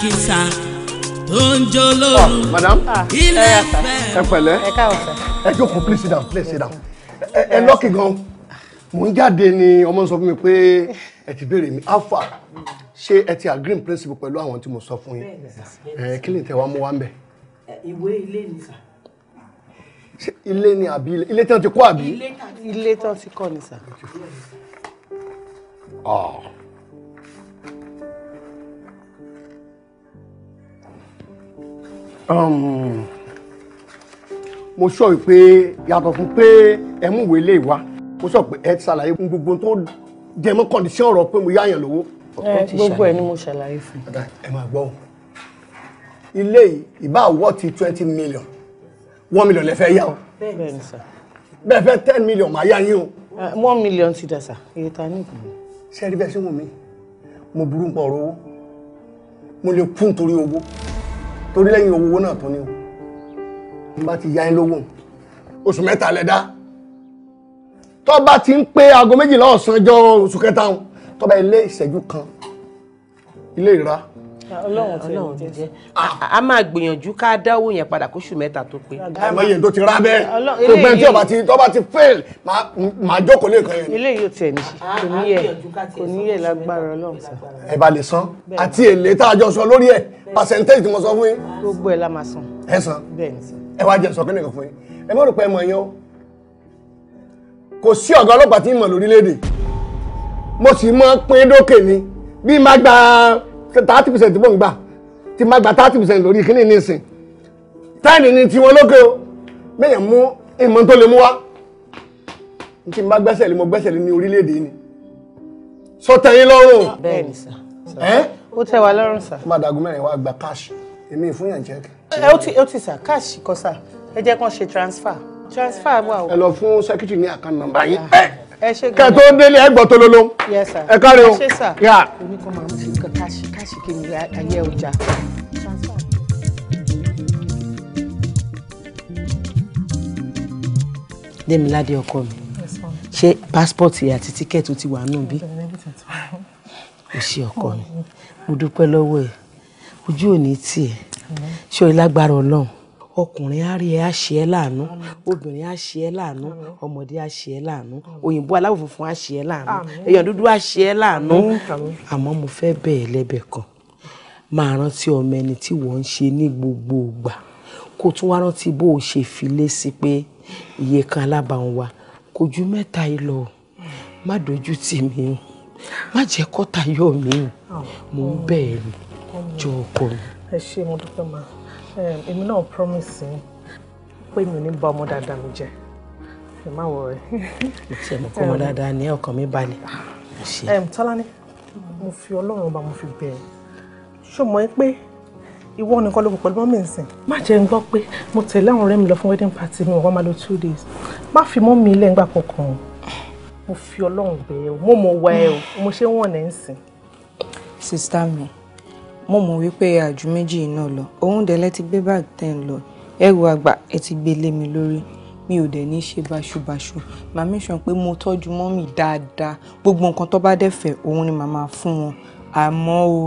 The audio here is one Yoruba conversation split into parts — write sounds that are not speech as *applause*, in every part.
kìtà tó ń jó oh, lóru. Ah, ilé fẹ́ ẹ pẹ̀lẹ́ ẹ jókòó please sit down please sit down ẹ lọ́kì gan mò ń jáde ni ọmọ sọ fún mi pé ẹ ti béèrè mi alpha ṣé ẹ ti agree in principle pẹ̀lú àwọn tí mo sọ fún yín ẹ kí ni tẹ̀wá mú wá ń bẹ̀. ìwé ilé ni sà. ṣé ilé ni àbí ilé ilé tí wọ́n ti kọ́ àbí. ilé tí wọ́n ti kọ́ ni sà. Um, mo sọ pé yàtọ̀ fún pé ẹ mú ìwé ilé ìwà mo sọ pé ẹ ṣàlàyé gbogbo tó jẹmọ́ kọ́ndíṣọ́n ọ̀rọ̀ pé mo yáyàn lówó. gbogbo ẹ ni mo ṣàlàyé fún. ẹ máa gbọ́ o ilé ìbá wọ́ ti twenty million one million lẹ fẹ́ yá o bẹ́ẹ̀ fẹ́ ten million máa yá yín o. Uh, one million ti dà sá iye ta ní ìkùn. sẹ́ẹ̀rí bẹ́ẹ̀ sí wù mí mo burú nǹkan ọ̀rọ̀ owó mo lè kú nítorí owó torí lẹ́yìn owó náà tó ní o n bá ti ya yín lówó oṣù mẹ́ta lẹ dá tó bá ti ń pé aago méjìlá ọ̀sán ọjọ́ oṣù kẹta tó ilé ìṣẹ́jú kan ilé ìra Ah, Ọlọ́run ah, ti jẹ́ a máa gbìyànjú ká dáwó yẹn padà kóṣù mẹ́ta tó pé. àmọ́ iye tó ti rà bẹ́ẹ̀ tó gbẹ́ tí ọba ti tọ́ba ti fail máa jókòó lè kan yẹn. ilé yóò tẹ̀ ní ah, kò ní yẹ kò ní yẹ lágbára Ọlọ́run sàn. ẹ bá lè san àti èlé tá a jọ sọ lórí ẹ percentage tí mo sọ fún yín. gbogbo ẹ la máa san. ẹ san ẹ wá jẹ sọ kí nìkan fún yín ẹ mọ̀ rò pé ẹ mọ̀ yẹn o kò sí ọ̀gá ọlọ́pàá tí ń mọ̀ lórílẹ̀‐èdè mo sì mọ̀ pín dókè ni bí n bá gba thirty percent tí mò ń gbà tí má gba thirty percent lórí kíní nísìn táìlì ni tiwọn lókè o bẹ́ẹ̀ mú ìmọ̀ tó lè mú wá n tí n bá gbẹ́sẹ̀ lé mo gbẹ́sẹ̀ lé ní orílẹ̀-èdè yìí ni sọ tẹ̀yìn lọ́rùn. bẹ́ẹ̀ni sà ó tẹ́ wa lọ́rùn sà. ó máa dàgún mẹ́rin wá gba káàṣì èmi ìfún yàn jẹ́kẹ́. ẹ ó ti ó ti sà káàṣì kọ sà ẹ jẹ́ kàn ṣe transfer transfer wà o. ẹ lọ fún secretary ní account number yín. Ah kẹ tó ń délé ẹgbọ́ tó lóló ẹ káre o. yà. èmi kan ọkọ mi ṣé pásítọ̀tì àti tíkẹ́ẹ̀tì ti wà nù bí? o ṣe ọkọ mi mo dúpẹ́ lọ́wọ́ ẹ̀ ojú ò ní tì ṣé o lágbára Ọlọ́run ọkùnrin á rí ẹ á ṣe ẹ láàánú obìnrin á ṣe ẹ láàánú ọmọdé á ṣe ẹ láàánú òyìnbó aláwọ̀ funfun á ṣe ẹ láàánú èèyàn dúdú á ṣe ẹ láàánú àmọ́ mo fẹ́ bẹ̀ẹ́ lẹ́bẹ̀ kan máa rántí ọmọ ẹni tí wọ́n ń ṣe ní gbogbo ìgbà kó tún wá rántí bó o ṣe fi lé sí pé iye kan alábàáhùn wa kò ju mẹ́ta yìí lọ má dojú tì mí o má jẹ́ kọ́tà yọ̀ mí o mo ń bẹ̀ẹ́ jọ ọkọ mi. ẹ ṣé mo dúpẹ́ máa èmi náà promise yín pé mi ò ní bà ọmọ dáadáa mi jẹ́ ẹ má wọ rẹ. ìṣẹ̀mú kọ́ ọmọ dáadáa ní ọkàn mi balẹ̀. Tọ́lání mo fi Ọlọ́run ọba mo fi bẹ̀ ẹ́ ṣùgbọ́n ẹ pé ìwọ nìkan ló kù pẹ̀lú mọ́mí nsìn má jẹ́ ń gbọ́ pé mo tẹ̀lé àwọn ọ̀rẹ́ mi lọ fún wedding party mi wọ́n máa lò two days má fi mọ́mí ilé ńgbà kankan mo fi Ọlọ́run bẹ̀ ẹ́ mo mọ̀ wá ẹ o mo ṣe wọ̀n ẹ̀ ń sista mi mo mọ̀ wípé àjù méjì iná lọ òun dẹ̀ lẹ́ ti gbé báàgì tẹ́ ń lọ ẹrù àgbà ẹ ti gbé lé mi lórí mi ò dẹ̀ ní ṣe báṣubàṣu màmí sọ pé mo tọ́jú mọ́mì dáadáa gbogbo nǹkan tó bá dẹ̀ fẹ́ òun ni màmá fún wọn àmọ́ o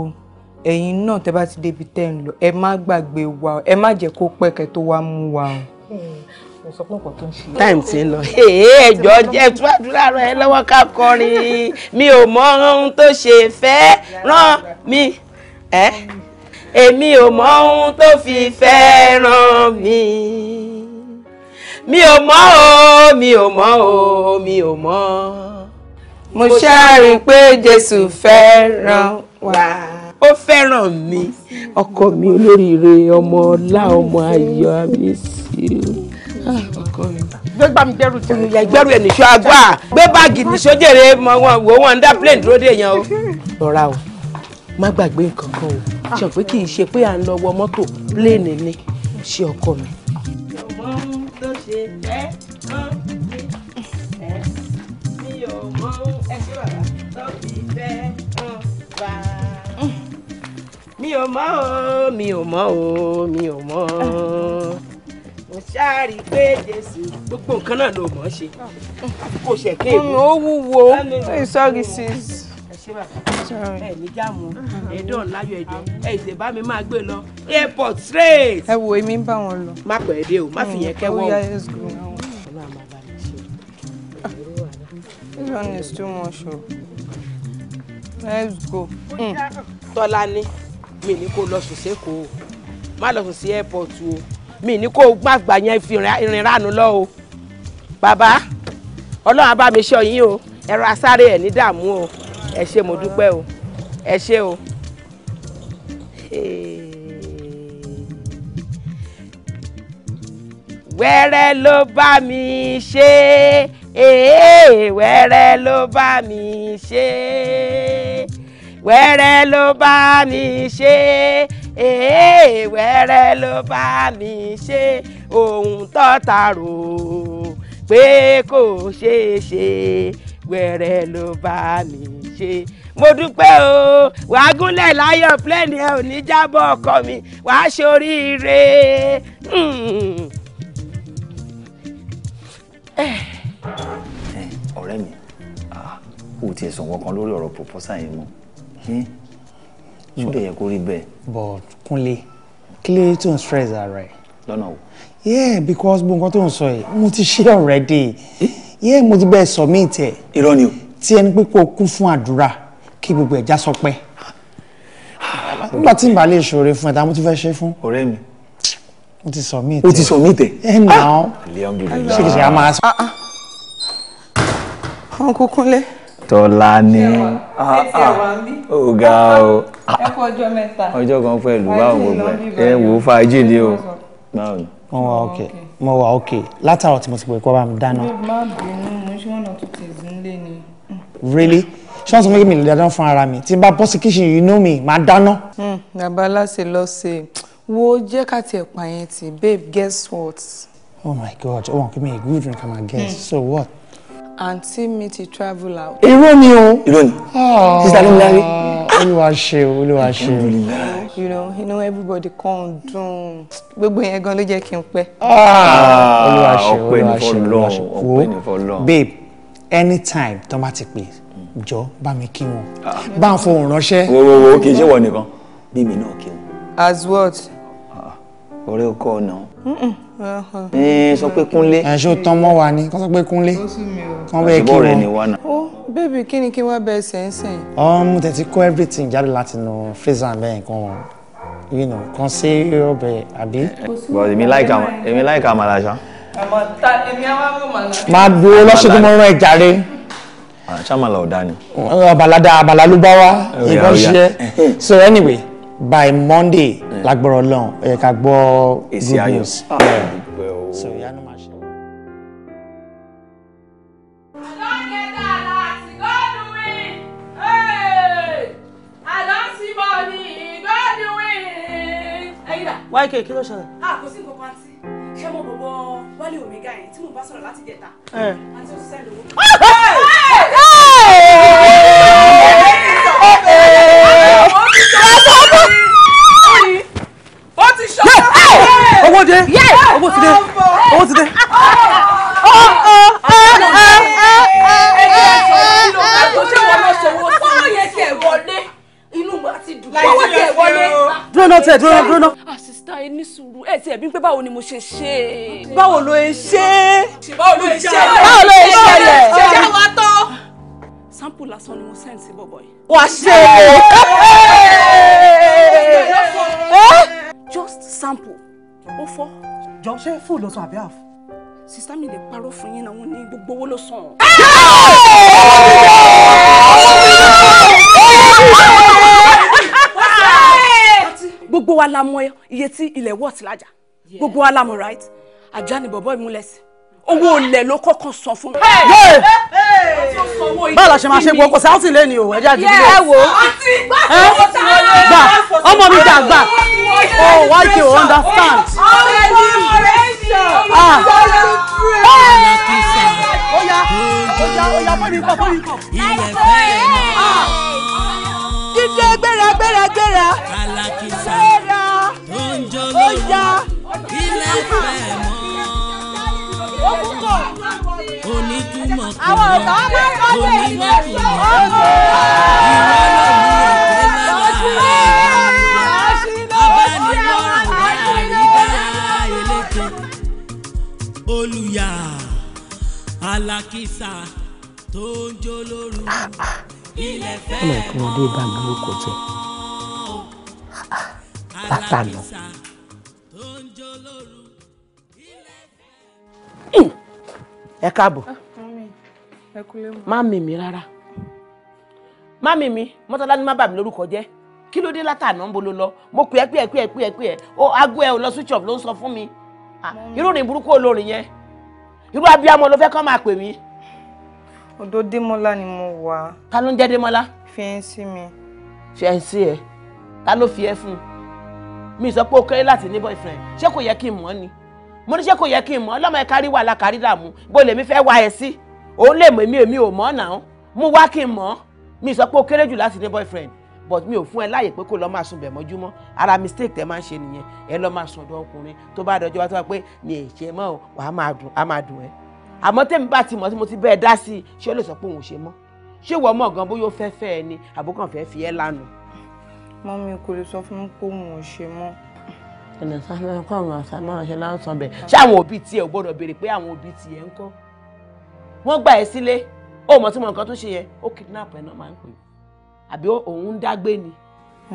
ẹ̀yin náà tẹ́ bá ti débi tẹ́ ń lọ ẹ má gbàgbé wa ẹ má jẹ́ kó pẹ́kẹ́ tó wá mú wa o time ti ń lọ ẹjọ jẹ fàdúrà rẹ lọ́wọ́ ká kọrin mi ò mọ ohun tó ṣe fẹ́ rán mi ẹ́ èmi ò mọ ohun tó fi fẹ́ràn mi mi ò mọ̀ o mi ò mọ̀ o mi ò mọ̀ mo ṣáà rí i pé Jésù fẹ́ràn wa ó fẹ́ràn mi ọkọ mi olóríire ọmọ ọlá ọmọ ayọ̀ àbísí ah, mi. gbé bá mi gbẹrù tí. olùyà gbẹrù ẹnìṣọ àgbà gbé báàgì nìṣọ jèrè mọ wọn wò wọn dá plane dúró dé yẹn o. rọra o má gbàgbé nǹkan o ṣe pé kì í ṣe pé à ń lọ wọ mọ́tò pléènì ni ṣe ọkọ mi. mi ò mọ̀ o mi ò mọ̀ o mi ò mọ̀ o mo ṣáàrí pé jésù gbogbo nǹkan náà ló mọ̀ ṣe kò ṣẹ̀kẹ́ èbó. ó wúwo sorry sis. Mm-hmm. ẹ ní jáàmù ẹdọ ọláyọ ẹdẹ ẹ ìṣe bá mi máa gbé lọ airport straight. ẹ wo èmi ń bá wọn lọ. má pẹ́ dé o má fi yẹn kẹ́wọ́ mm, oh, ah, this one is too much o. Oh. let's go. Mm. tọ́lání mi ní kó lọ sùn sékòó má lọ sùn sí airport o mi ní kó gbàgbà yẹn fi ìrìn ránu lọ o bàbá ọlọ́run á mi ṣọ́ yín o ẹ̀rọ asáré ẹ̀ ní dààmú o ẹ ṣé mo dúpẹ́ o ẹ ṣé o. wẹ́rẹ́ ló bá mi ṣe wẹ́rẹ́ ló bá mi ṣe wẹ́rẹ́ ló bá mi ṣe wẹ́rẹ́ ló bá mi ṣe ohun tọ́ta rò pé kò ṣeé ṣe wẹ́rẹ́ ló bá mi ṣe ṣe mo dúpẹ́ o wàá gúnlẹ̀ láyọ̀ plẹ́ẹ̀nì ẹ ò ní jábọ̀ ọkọ mi wàá ṣe oríire. Hmm. Eh, ọ̀rẹ́ mi ò ah, tiẹ̀ sọ̀wọ́ kan lórí ọ̀rọ̀ proposal yẹn mọ́ hmm. ṣúlẹ̀ yẹ kó rí bẹ́ẹ̀. but Kúnlé kílé tó ń stress ara ẹ̀. lọ́nà o. yeah because gbogbo nǹkan tó ń sọ yìí mo ti ṣe already eh? yeah mo ti bẹ́ẹ̀ submit ẹ̀. irọ́ ni o tí ẹni pé kó o kún fún àdúrà kí gbogbo ẹ̀já sọpẹ́ nígbà tí n bá lè ṣòro fún ẹ tá mo tún fẹ́ ṣe fún. ọ̀rẹ́ mi. mo ti sọ mí tẹ. o ti sọ mí tẹ. ẹ nà ah! án. a máa sọ. àwọn kúkún lé. tọ́lá ni. ó o. ẹ kú ọjọ́ mẹ́ta. ọjọ́ kan pẹ̀lú báwo gbogbo ẹ wò ó fàájì ni o. mo wà ok mo wà ok látàrọ̀ tí mo ti pè kó bá mi dáná. mo máa bínú mo ṣe wọn náà tó ti zin lé ni really ṣé wọ́n sọ pé mi lè dáná fún ara mi tí n bá bọ́ sí kitchen you know me máa dáná. Hmm, bàbá aláṣẹ lọ ṣe wo jẹ́ ká tiẹ̀ pààyàn tì babe guess what. oh my god ó wọn kí mi good drink am i guess hmm. so what. àǹtí mi ti travel out. irọ́ ni o. irọ́ ni sísá ló ń darí. olúwa ṣe o olúwa ṣe o. you know you know everybody kan dùn gbogbo yẹn gan ló jẹ́ kí n pẹ́. Ah. Ah, olúwa ṣe olúwa ṣe olúwa ṣe wo babe anytime tó bá ti pè jọ bá mi kí wọn ah. bá ń fohùn ránṣẹ́. wo wo wo kì í ṣe wọ nìkan bí mi náà kí wọn. as what. Ah, ọ̀rẹ́ ọkọ ọ̀nà sọ pé kúnlé. ẹ ṣó tán mọ́ wa ni kó sọ pé kúnlé. kán bẹ́ẹ̀ kí wọn. ó bébì kí ni kí wọ́n bẹ sẹ́nsẹ́n. ọmú um, tẹ̀sí kó everything jáde láti nu freezer bẹ́ẹ̀ nǹkan wọn you know kan sí ọbẹ̀ àbí. but èmi láìka èmi láìka àmàlà ṣá máa dúró lọ́sẹ̀ tó mọ́ rán ẹ̀ jàre. sàmàlà ọ̀dà ni. balada abala ló bá ìbọn ṣiṣẹ́ so anyway by monday lágbọ́rọ̀ lọ́n ẹ̀ ká gbọ́ good news. Ah. so yanu ma ṣe. YK kí ló ṣẹlẹ̀. Ah, ṣé mo bọ̀ bọ̀ wálé omega yẹn tí mo bá sọ̀rọ̀ láti jẹta àti òṣìṣẹ́ ìlówó. owó dé owó ti dé owó ti dé. dúró náà tẹ dúró náà dúró náà. àsìsítà ẹ ní sùúrù ẹ ti ẹbí pé báwo ni mo ṣe ṣe báwo ló ń ṣe báwo ló ń ṣẹlẹ̀. báwo ló ń ṣẹlẹ̀. ṣẹjá wa tọ́. sample lásán ni mo send sí bọ̀bọ̀ yìí. wà á ṣe é. just sample ó fọ́. jọ ṣé fúù ló sọ àbí àfọ. sista mi lè parọ́ fún yín náà wọ́n ní gbogbo owó ló sàn. gbogbo wa la mọ iye tí ilẹ̀ wọ́ọ̀tì lájà gbogbo wa la mọ right ajá ni bọ̀bọ̀ ìmúlẹ̀sìn owó olè ló kọ́kàn san fún mi. báwo la ṣe máa ṣe gbogbo sáwọ́sì lẹ́ni o ẹ̀jẹ̀ àti ìdílé. ẹ wo gbà ọmọ mi gbà gbà o oh, why you understand. Ah. Oya oya oya fún mi kọ fún mi kọ gbéragbéra gbéra ó ya ilẹ̀ fẹ́ mọ́ onítumọ̀ kò mọ́ onímọ̀ kò mọ́ ìwọ ló mú òkè lọ́la abánilọ́rọ̀ àyíká elétò olùyà alákìsà tó ń jó lóru ilẹ̀ fẹ́ mọ́. ọmọ ìkànnì dé bá mi ó kọjá látànà. ẹ káàbọ̀ ah, má mì mí rárá má mì mí mọ́tọ́lá ni má bà mí lórúkọ jẹ́ kí ló dé látànà ń bolo lọ mo pè é pè é pè é pè é pè é o aago ẹ ò lọ switch off ló ń sọ fún mi ah, irú ni burúkú olórin yẹn irú abiyamọ ló fẹ́ kọ́ máa pè mí. ọ̀dọ̀ Démọ́lá ni mo wà. ta ló ń jẹ́ Démọ́lá. fiẹ́ńsì mi. fiẹ́ńsì ẹ ta ló fi ẹ fún un mi sọ pé ó kéré láti ní boyfriend ṣé kò yẹ kí n mọ̀ ni mo ní ṣé kò yẹ kí n mọ̀ ọlọ́mọ ẹ kárí wà lákàrí dààmú bó lèmi fẹ́ wá ẹ sí òun lè mọ̀ èmi èmi ò mọ̀ náà mú wá kí n mọ̀ mi sọ pé ó kéré jù láti ní boyfriend but mi ò fún ẹ láàyè pé kó lọ́ọ́ máa sùn bẹ̀ mọ́júmọ́ ara mistake tẹ máa ń ṣe nìyẹn ẹ lọ́ọ́ máa sùn ọ̀dọ̀ ọkùnrin tó bá dọjọ́ wá tó wá pé mi ì ṣe mọ́ o a á máa dùn a máa dùn ẹ́ àmọ́ tẹ́mi bá ti mọ̀ tí mo ti bẹ́ẹ̀ dá sí i ṣé ó lè sọ pé òun ò ṣe mọ́ ṣé ìwọ mọ̀ gan bóyá ó fẹ́ fẹ́ ẹ ni àbúkàn fẹ́ fi ẹ́ lánàá mọ́mí kò lè sọ fún mi pé òun ò ṣe mọ́ ẹnì sáfẹ́ kọ́ àwọn àṣà máa ṣe láǹsàn bẹ̀ ṣé àwọn òbí tiẹ̀ ò gbọ́dọ̀ béèrè pé àwọn òbí tiẹ̀ ń kọ́ wọ́n gbà ẹ́ sílé ó mọ̀ tí mo nǹkan tó ṣe yẹn ó kidnap ẹ̀ náà máa ń pè àbí òun ń dágbé ni.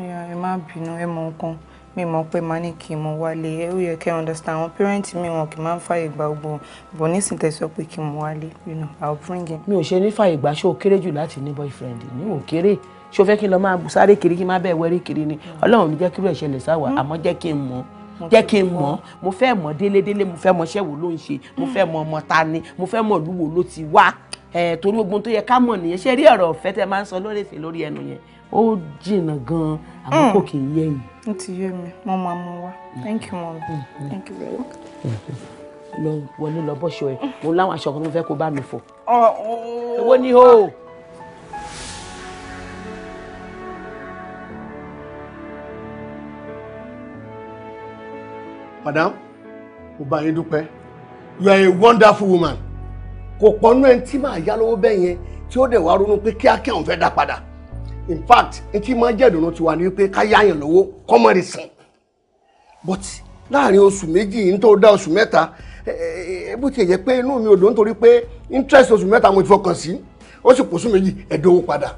ọ̀yà ẹ má bínú ẹ mọ nǹkan mi mọ̀ pé màá ní kí n mọ wálé ẹ ó yẹ kẹ́ ẹ understand àwọn pẹ́rẹ́ǹtì mi wọn kì máa ń fààyè gbà gbọ́ bọ̀ nísìnyí tẹ̀ sọ pé kí n mọ wálé you know I'll bring him. mi ò ṣe ní fààyè gbà ṣó kéré jù láti ní boyfriend ni ò kéré ṣé o fẹ́ kí n lọ máa bù sáré kiri kí n má bẹ́ẹ̀ wẹ́rí kiri ni mm. ọlọ́run ní jẹ́ kí irú ẹ̀ ṣẹlẹ̀ sáwà mm. àmọ́ jẹ́ kí n mọ̀ jẹ́ kí n mọ̀ mo fẹ́ mọ̀ délédélé mo fẹ́ mọ̀ ṣẹ́wò ló ń ṣe mo mm. fẹ́ mọ̀ ọmọ ta ni mo fẹ́ mọ̀ lúwo ló ti wá ẹ̀ torí ogun tó yẹ ká mọ̀ nìyẹn ṣé rí ọ̀rọ̀ ọ̀fẹ́ tẹ máa ń sọ lórí èsè lórí ẹnu yẹn ó jìnnà gan-an àmọ́ kò kì í yé yìí. ó ti yé mi mo máa mú wa thank you mom mm-hmm. thank you very much mm-hmm. lọ wọlé lọ bọ́ṣọ ẹ̀ mo láwọn aṣọ kan tó fẹ́ kó bá mi fọ̀. owó oh, oh, oh, ní o. madam mo yín dúpẹ́ you are a wonderful woman kò pọnú ẹni tí màá yá lówó bẹ́ẹ̀ yẹn tí ó dẹ̀ wá ronú pé kíákíá òun fẹ́ dá padà in fact etí máa jẹ́ ìdùnnú tiwa ni pé ká yáyàn lówó kọ́mọ̀rì sàn but láàrin oṣù méjì yìí tó dá oṣù mẹ́ta bó ti yẹ pé inú mi ò dùn nítorí pé interest oṣù mẹ́ta mo ti fọkàn sí ó sì pọ̀ oṣù méjì ẹ̀dọ́wó padà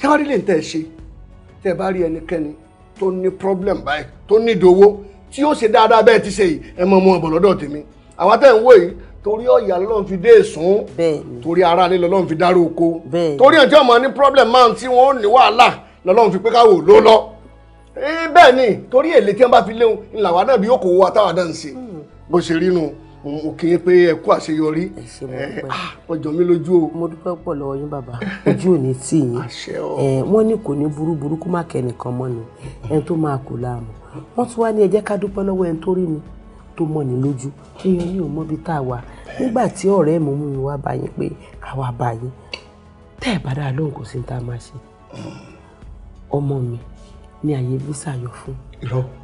ṣé wàá rí lè ń tẹ̀ ṣe tẹ́ bá rí ẹnikẹ́ni tó ní problem báyìí tó ní ìdówó tí yóò ṣe dáadáa bẹ́ẹ̀ ti ṣe yìí ẹ mọ̀ mọ́ ọ̀bọ̀ lọ́dọ̀ tèmi àwa tẹ̀ ń wò yìí torí ọ̀yà lọ́lọ́run fi dé èsùn torí ara lé lọ́lọ́run fi dárò oko torí ẹ̀jẹ̀ ọmọ ní problem man tí wọ́n ní wàhálà lọ́lọ́run fi pé káwò ló lọ. bẹ́ẹ̀ ni torí èlé tí wọ́n bá fi léwu làwa náà bí okòwò wa táwa náà ń ṣe hmm. bó ṣe rí nu mo kì í pé ẹ kú àṣeyọrí ọjọ́ ah, mi lójú o. mo dúpẹ́ pọ̀ lọ́wọ́ yín bàbá ojú ò ní tì yín wọ́n ní kò ní burúburú kó má kẹ́ nìkan mọ́ ni ẹni tó máa kù láàmú wọ́n tún wá ní ẹ jẹ́ ká dúpẹ́ lọ́wọ́ ẹni tó rí mi tó mọ̀ ní lójú èèyàn ní ò mọ́bi tá a wà nígbà tí ọ̀rẹ́ mi mú mi wá bá yín pé ká wá bá yín tẹ́ ẹ̀ bá dáa lóhùn kò sí ní tá máa ṣe ọmọ mi ni àyè visa yọ fún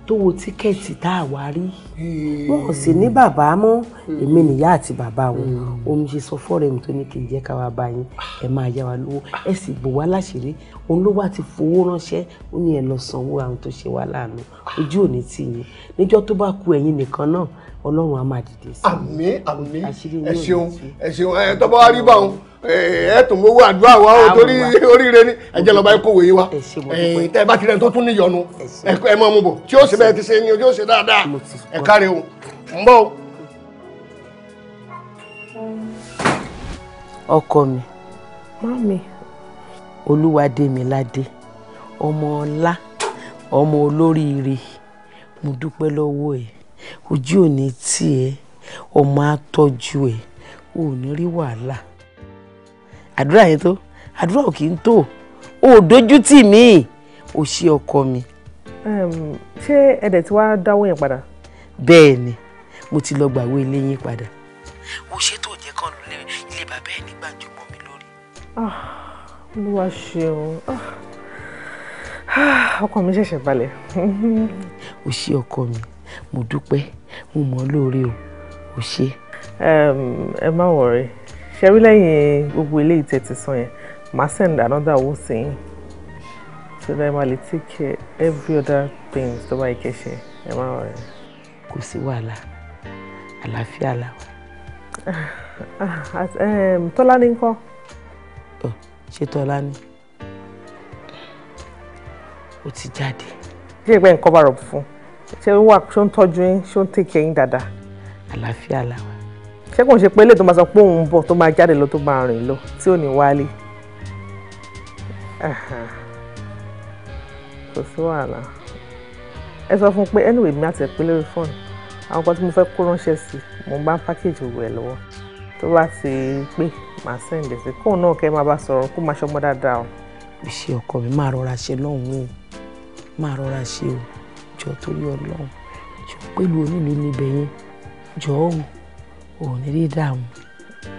tó wo tíkẹ́ẹ̀tì tá a wá rí hmm. wọn kò sì ní bàbá mọ́ hmm. èmi nìyá àti bàbá wọn hmm. omi ṣe sọ fọ́ọ̀rẹ́ tó ní kí n jẹ́ ká wá bá yín ẹ máa yá wa lówó ẹ sì bò wá láṣìírí òun ló wá ti fowó ránṣẹ́ ó ní ẹ lọ sanwó àwọn tó ṣe wá láàánú ojú òní tì yín níjọ́ tó bá ku ẹ̀yin nìkan náà ọlọ́run á máa dìde sí i. àmín àmín ẹ ṣeun ẹ ṣeun ẹ tó rí báwọn ẹ tún mówó àdúrà wa o torí oríire ni ẹjẹ lọba ẹkọ wòye wa tẹ bá tirẹ tó tún níyọnu ẹ mọ mu bọ tí ó ṣe bẹ́ẹ̀ ti ṣe ni ojú ó ṣe dáadáa ẹ káre o mbọ. o. ọkọ mi mami olúwadémiládé ọmọ ọlá ọmọ olóríire mo dúpẹ́ lọ́wọ́ ẹ ojú ò ní tì ẹ́ ọmọ á tọ́jú ẹ ò ní rí wàhálà àdúrà yẹn tó àdúrà ò kì í tó o dojú tì mí o ṣe ọkọ mi. ṣé ẹ̀dẹ̀ tí wàá dáwọ́ yẹn padà. bẹ́ẹ̀ ni mo ti lọ gbàwé ilé yín padà. o ṣe tó jẹ́ kàn lólè ilé bàbá ẹ̀ nígbà jù mọ́ mi lórí. Ah, olúwa ṣeun ah, ọkọ mi ṣẹ̀ṣẹ̀ balẹ̀. o ṣe ọkọ mi mo dúpẹ́ mo mọ̀ ọ́ lóore o o ṣe. ẹ má wọrí ṣẹ́rí lẹ́yìn gbogbo eléyìí tẹ́ ti san yẹn màá send another owó sí yín so that ẹ máa lè take care every other thing tó bá yẹ kẹ́ ṣe ẹ máa rẹ̀. kò sí wàhálà àlàáfíà la wà. *laughs* Ehm, tọ́lá ní kọ́. ṣé tọ́lá ní ó ti jáde. ṣé ìgbẹ́ nǹkan bá rọ̀ fún ṣé ó ń tọ́jú yín ṣé ń take yín dáadáa. àlàáfíà la wà ṣé kò ń ṣe pé ilé tó máa sọ pé òun ń bọ̀ tó máa jáde lọ tó máa rìn lọ tí ò ní wálé kò sí wàhálà ẹ sọ fún un pé anyway mi àti ẹ̀pẹ́ lórí àwọn kan tí mo fẹ́ kó ránṣẹ́ sí mo bá ń pákéjì òwò ẹ̀ lọ́wọ́ tó bá ti pé màá sẹ́ǹdẹ̀ sí kóun náà kẹ́ máa bá sọ̀rọ̀ kó máa ṣọmọ dáadáa o. iṣẹ́ ọkọ mi máa rọra ṣe lọ́hùn-ún o máa rọra ṣe o jọ torí Ọlọ́run jọ pẹ̀lú onílù níbẹ̀ yẹn jọ ọ̀hún ò ní rí dààmú.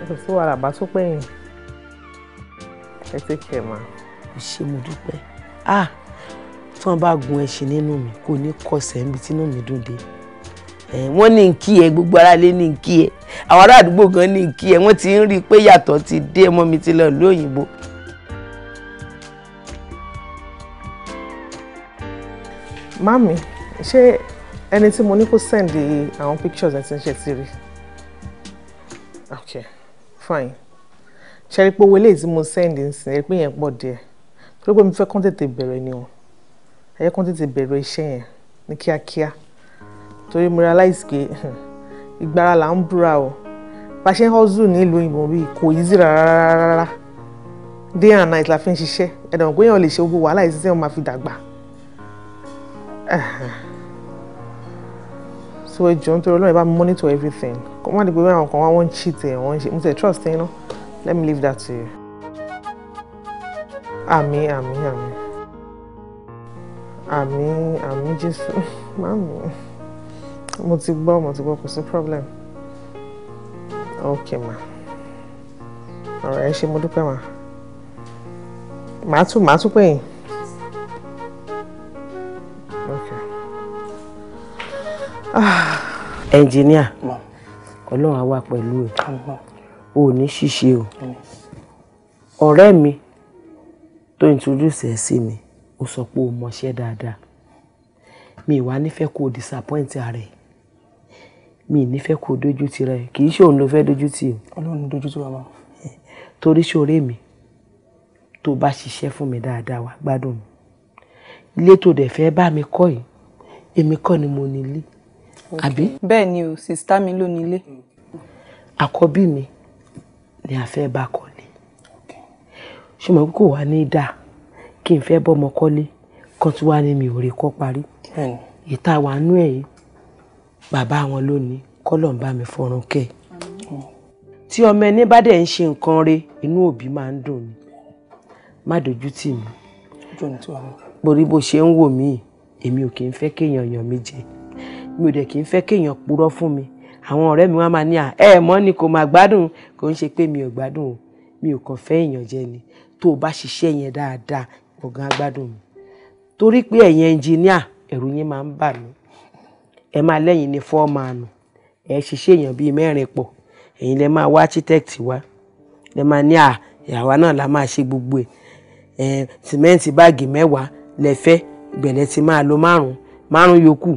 kò sí wàhálà bá tó pẹ́ yẹn ẹ ti kẹ̀ mà. kò mo dúpẹ́ ah tí wọ́n bá gun ẹṣin nínú mi kò ní kọsẹ̀ níbi tí inú mi dùn dé wọ́n ní n kí ẹ gbogbo aráalé ní n kí ẹ àwọn ará àdúgbò gan ní n kí ẹ wọ́n ti ń rí i pé yàtọ̀ ti dé ọmọ mi ti lọ lóyìnbó Mami, ṣé ẹni tí mo ní kó send àwọn pictures ẹ̀ ti ń ṣe ti rí? okay fine ṣe rí i pé owó eléyìí tí mo send ń sìn ẹ pé yẹn pọ̀ díẹ̀ torí pé mo fẹ́ kán tètè bẹ̀rẹ̀ ni o ẹ yẹ kán tètè bẹ̀rẹ̀ iṣẹ́ yẹn ní kíákíá torí mo realize pé hmm, ìgbára là ń búra o bá ṣe ń hustle nílùú òyìnbó bíi kò easy rárá day and night la fi ń ṣiṣẹ́ ẹ̀dọ̀ pé èèyàn lè ṣe gbogbo wàhálà yìí sí sẹ́yìn ó máa fi dàgbà so ẹ jọ nítorí ọlọ́run ẹ bá monitor everything kó má dìgbò bẹ́ẹ̀ àwọn kan wá wọ́n ń cheat ẹ̀ wọ́n ń ṣe mo tẹ̀ trust ẹ̀ náà let me leave that to you. àmín àmín àmín àmín àmín jésù *laughs* màmí mo ti gbọ́ mo ti gbọ́ kò sí problem okay ma ọ̀rọ̀ ẹ ṣe mo dúpẹ́ ma màá tún màá tún pè Ah ẹnjìníà ọlọ́run á wà pẹ̀lú ẹ ò ní ṣìṣe o ọ̀rẹ́ mi tó introduce ẹ sí mi ó sọ pé o mọṣẹ́ dáadáa mi ìwà nífẹ̀ẹ́ kó o disappoint ààrẹ mi nífẹ̀ẹ́ kó o dójú ti rẹ kì í ṣe òun ló fẹ́ dójú tì o. ọlọ́run dójú tì wàá torí ṣoré mi tó bá ṣiṣẹ́ fún mi dáadáa wá gbádùn mi ilé tó dẹ̀ fẹ́ bá mi kọ́ yìí èmi kọ́ ni mo nílé àbí. bẹ́ẹ̀ ni o sista mi ló nílé. àkọ́bí mi ni a fẹ́ bá kọ́lé ṣùgbọ́n kò wá ní dáa kí n fẹ́ bọ́mọ kọ́lé kan tí wá ní mi ò rè kọ́ parí. ìta wà nú ẹ̀ yìí bàbá wọn lónìí kọ́lọ̀ ń bá mi fọrun kẹ́ ẹ̀. tí ọmọ ẹni bá dẹ̀ ń ṣe nǹkan re inú òbí máa ń dùn ni má dojú tì mí. borí bó ṣe ń wò mí èmi ò kì í fẹ́ kéèyàn yàn mí jẹ mi ò dẹ̀ kí n fẹ́ kéèyàn purọ́ fún mi àwọn ọ̀rẹ́ mi wá máa ní à ẹ mọ́ ni kò máa gbádùn kò ń ṣe pé mi ò gbádùn o mi ò kàn fẹ́ èèyàn jẹ ni tó o bá ṣiṣẹ́ yẹn dáadáa ọ̀gá gbádùn mi torí pé ẹ̀yin ẹnjìníà ẹ̀rù yín máa ń bà mí ẹ máa lẹ́yìn ní fọ́ọ̀mánù ẹ ṣiṣẹ́ èèyàn bíi mẹ́rin pọ̀ ẹ̀yin lẹ máa wá architect wá lẹ máa ní à àwa náà la máa ṣe gbogbo ẹ̀ sìmẹ́ǹtì báàgì mẹ́wàá lẹ fẹ́ gbẹ̀lẹ́ ti máa lo márùn-ún márùn-ún yòókù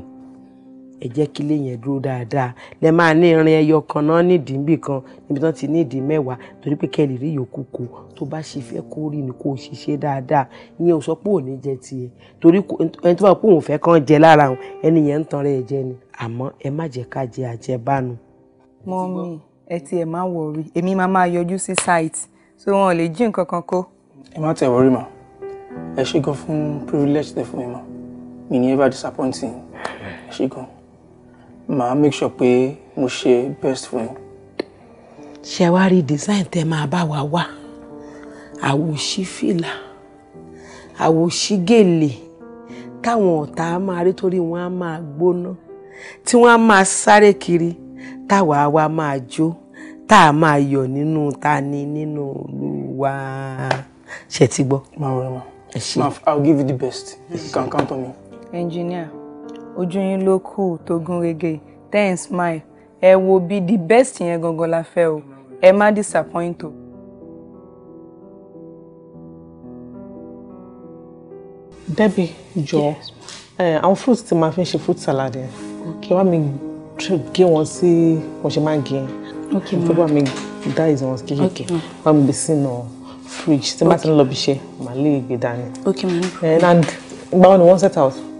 ẹ jẹ́ kí ilé yẹn dúró dáadáa lẹ máa ní irin ẹyọ kan náà nídìí níbì kan níbi tán ti nídìí mẹ́wàá torí pé kẹ́lì rí yòókù kó tó bá ṣe fẹ́ kó rí ni kó ṣiṣẹ́ dáadáa ìyẹn ò sọ pé ò jẹ tiẹ̀ torí ẹni tó bá pòun fẹ́ kàn jẹ lára wọn ẹni yẹn ń tan rẹ̀ jẹ ni àmọ́ ẹ má jẹ́ ká jẹ àjẹbánu. mọ́mí ẹ ti ẹ̀ máa wọ̀rí èmi máa máa yọjú sí site so wọn ò lè jí nǹkan kan kó. ẹ má tẹ̀ wọ́rí mọ́ ẹ ṣe gan fún privilege tẹ fún mi mọ́ mi ní ever disappointing ẹ ṣe gan màá make sure pé mo ṣe best fún yín. ṣe wá rí design tẹ máa bá wa wá àwòṣí fìlà àwòṣí gèlè táwọn ọ̀tá máa rí torí wọn á máa gbóná tí wọn á máa sáré kiri táwa wa máa jó tá a máa yọ̀ nínú ta ni nínú olúwa ṣe ti gbọ́. màá rẹ̀ wọ́n. I'll give you the best. You can count on me. Engineer ojú yín ló kù tó gún régé smile ẹ wo bí the best yẹn gangan la fẹ́ o ẹ má disappoint o. Debbie jọ àwọn fruit tí màá fi ń ṣe fruit salad yẹn kí wàá mi gé wọn sí wọn ṣe máa gé yẹn kí wàá mi dá ìzọ wọn kéékèèké wàá mi gbé sínú fridge tí màá ti ń lọ bí iṣẹ́ màá lè gbé dání. okay ma no problem. Eh, and gbàgbọ́ ni wọ́n set out.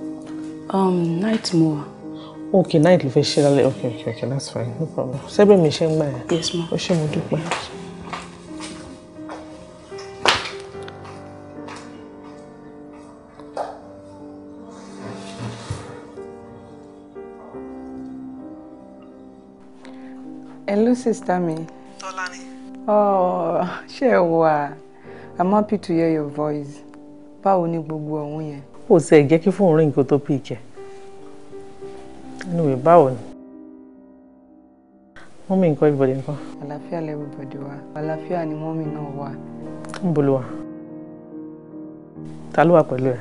Um, night mo Okay, night ló fẹ́ ṣe lálẹ́. Okay, okay, okay, that's fine, no problem. Sẹ́bẹ̀ mi ṣe ń Yes, ma. Ó ṣe mo dúpẹ́. Hello, sister me. Tọ́lání. Oh, ṣé wa. I'm happy to hear your voice. Báwo ni gbogbo ọ̀hún yẹn? kò sí ẹ̀ jẹ́ kí fóun rìn kó tó pìkẹ́ anyway báwo ni mọ́mí nǹkan everybody nǹkan. àlàáfíà everybody wa àlàáfíà ni mọ́mí náà wà. ń bolo wa ta ló wà pẹ̀lú ẹ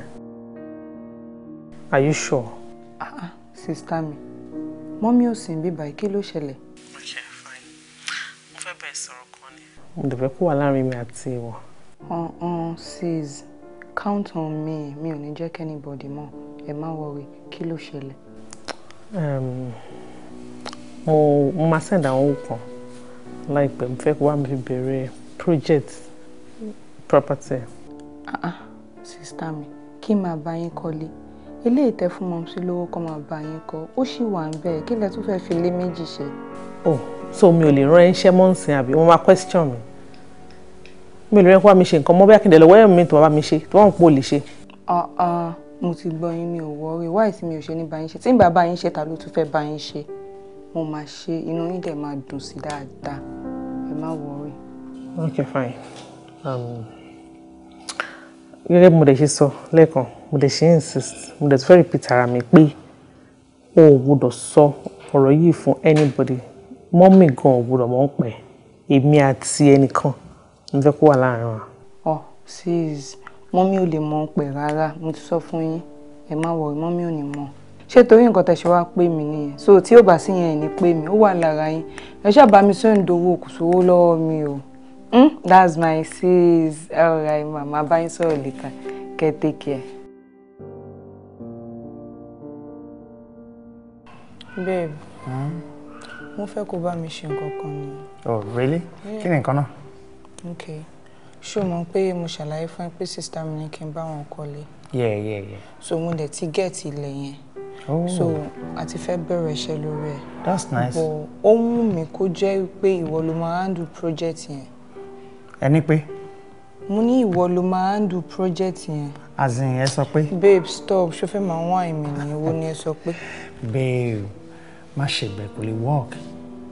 are you sure. ah ah sista mi mọ́mí ò sì ń bíbá kí ló ṣẹlẹ̀. mo ṣe fine mo fẹ́ bẹ̀rẹ̀ sọ̀rọ̀ kan ni. mo dẹ̀ fẹ́ kó wà láàrin mi àti ìwọ. ọ̀hún uh-uh, sis count on me mi ò ní jẹ́ kẹ́nìbọ̀dì mọ́ ẹ má wọrí kí ló ṣẹlẹ̀. mo mo máa send àwọn owó kan láìpẹ́ mo fẹ́ kó wá mi bẹ̀rẹ̀ project property. ah ah sista mi kí n máa bá yín kọ́lé ilé ìtẹ́ fún mọ́mísí lówó kọ́ máa bá yín kọ́ ó sì wà ń bẹ́ẹ̀ kí lẹ tún fi ilé méjì ṣe. oh so mi ò lè rán ẹ iṣẹ́ mọ́ǹsìn àbí wọ́n máa question mi mi ò lè rẹ́ kó bá mi ṣe nǹkan mọ́ bí akíndé lọ́wọ́ ẹ̀mí tó bá mi ṣe tó wọ́n pò lè ṣe. Ah, ah, mo ti gbọ́ yín mi ò wọ́ọ́rẹ́ wáyé tí mi ò ṣe ní bá ṣe tí ń bá bá ṣe ta ló tún fẹ́ bá ṣe mo máa ṣe inú yín dẹ̀ máa dùn sí dáadáa ẹ má wọ́ọ́rẹ́. okay fine um, gẹ́gẹ́ bí mo dẹ̀ ṣe sọ lẹ́ẹ̀kan mo dẹ̀ ṣe insist mo dẹ̀ tún fẹ́ repeat ara mi pé o ò gbọdọ̀ sọ ọ̀rọ̀ yìí fún anybody mọ́mì gan ò gbọdọ̀ mọ̀ ń pẹ́ èmi àti ẹnìkan mo fẹ́ kó wà láàrin wa. ọ sis mọ́mí ò lè mọ pẹ̀ rárá mo ti sọ fún yín ẹ má wọ̀ mọ́mí ò ní mọ̀ ṣé torí nǹkan tẹ̀sẹ̀ wá pè mí nìyẹn so tí ò bá sí yẹn ní pè mí ó wà lára yín ẹ ṣáà bá mi sóyún dowó kò sówó lọ́wọ́ mi o hmm? that's my sis alright màmá bá yín sọ̀rọ̀ later kẹ́ take care. babe hmm? mo fẹ́ kó bá mi ṣe nǹkan kan ni. oh really kí ni nǹkan náà ok ṣé o mọ̀ pé mo ṣàlàyé fún ẹ pé sista mi ni kí n bá wọn kọ́lé. yeah yeah yeah. so mo dẹ̀ ti gẹ̀ẹ́tì ilẹ̀ yẹn. Oh. so a ti fẹ́ bẹ̀rẹ̀ iṣẹ́ lórí ẹ̀. that's nice. bọ̀ ó wù mí kó jẹ́ pé ìwọ ló máa handle project yẹn. ẹni pé. mo ní ìwọ ló máa handle project yẹn. azin ẹ sọ pé. babe stop ṣó fẹ́ máa wá ìmì nìyẹn wo ni ẹ sọ pé. babe má ṣègbè kò lè work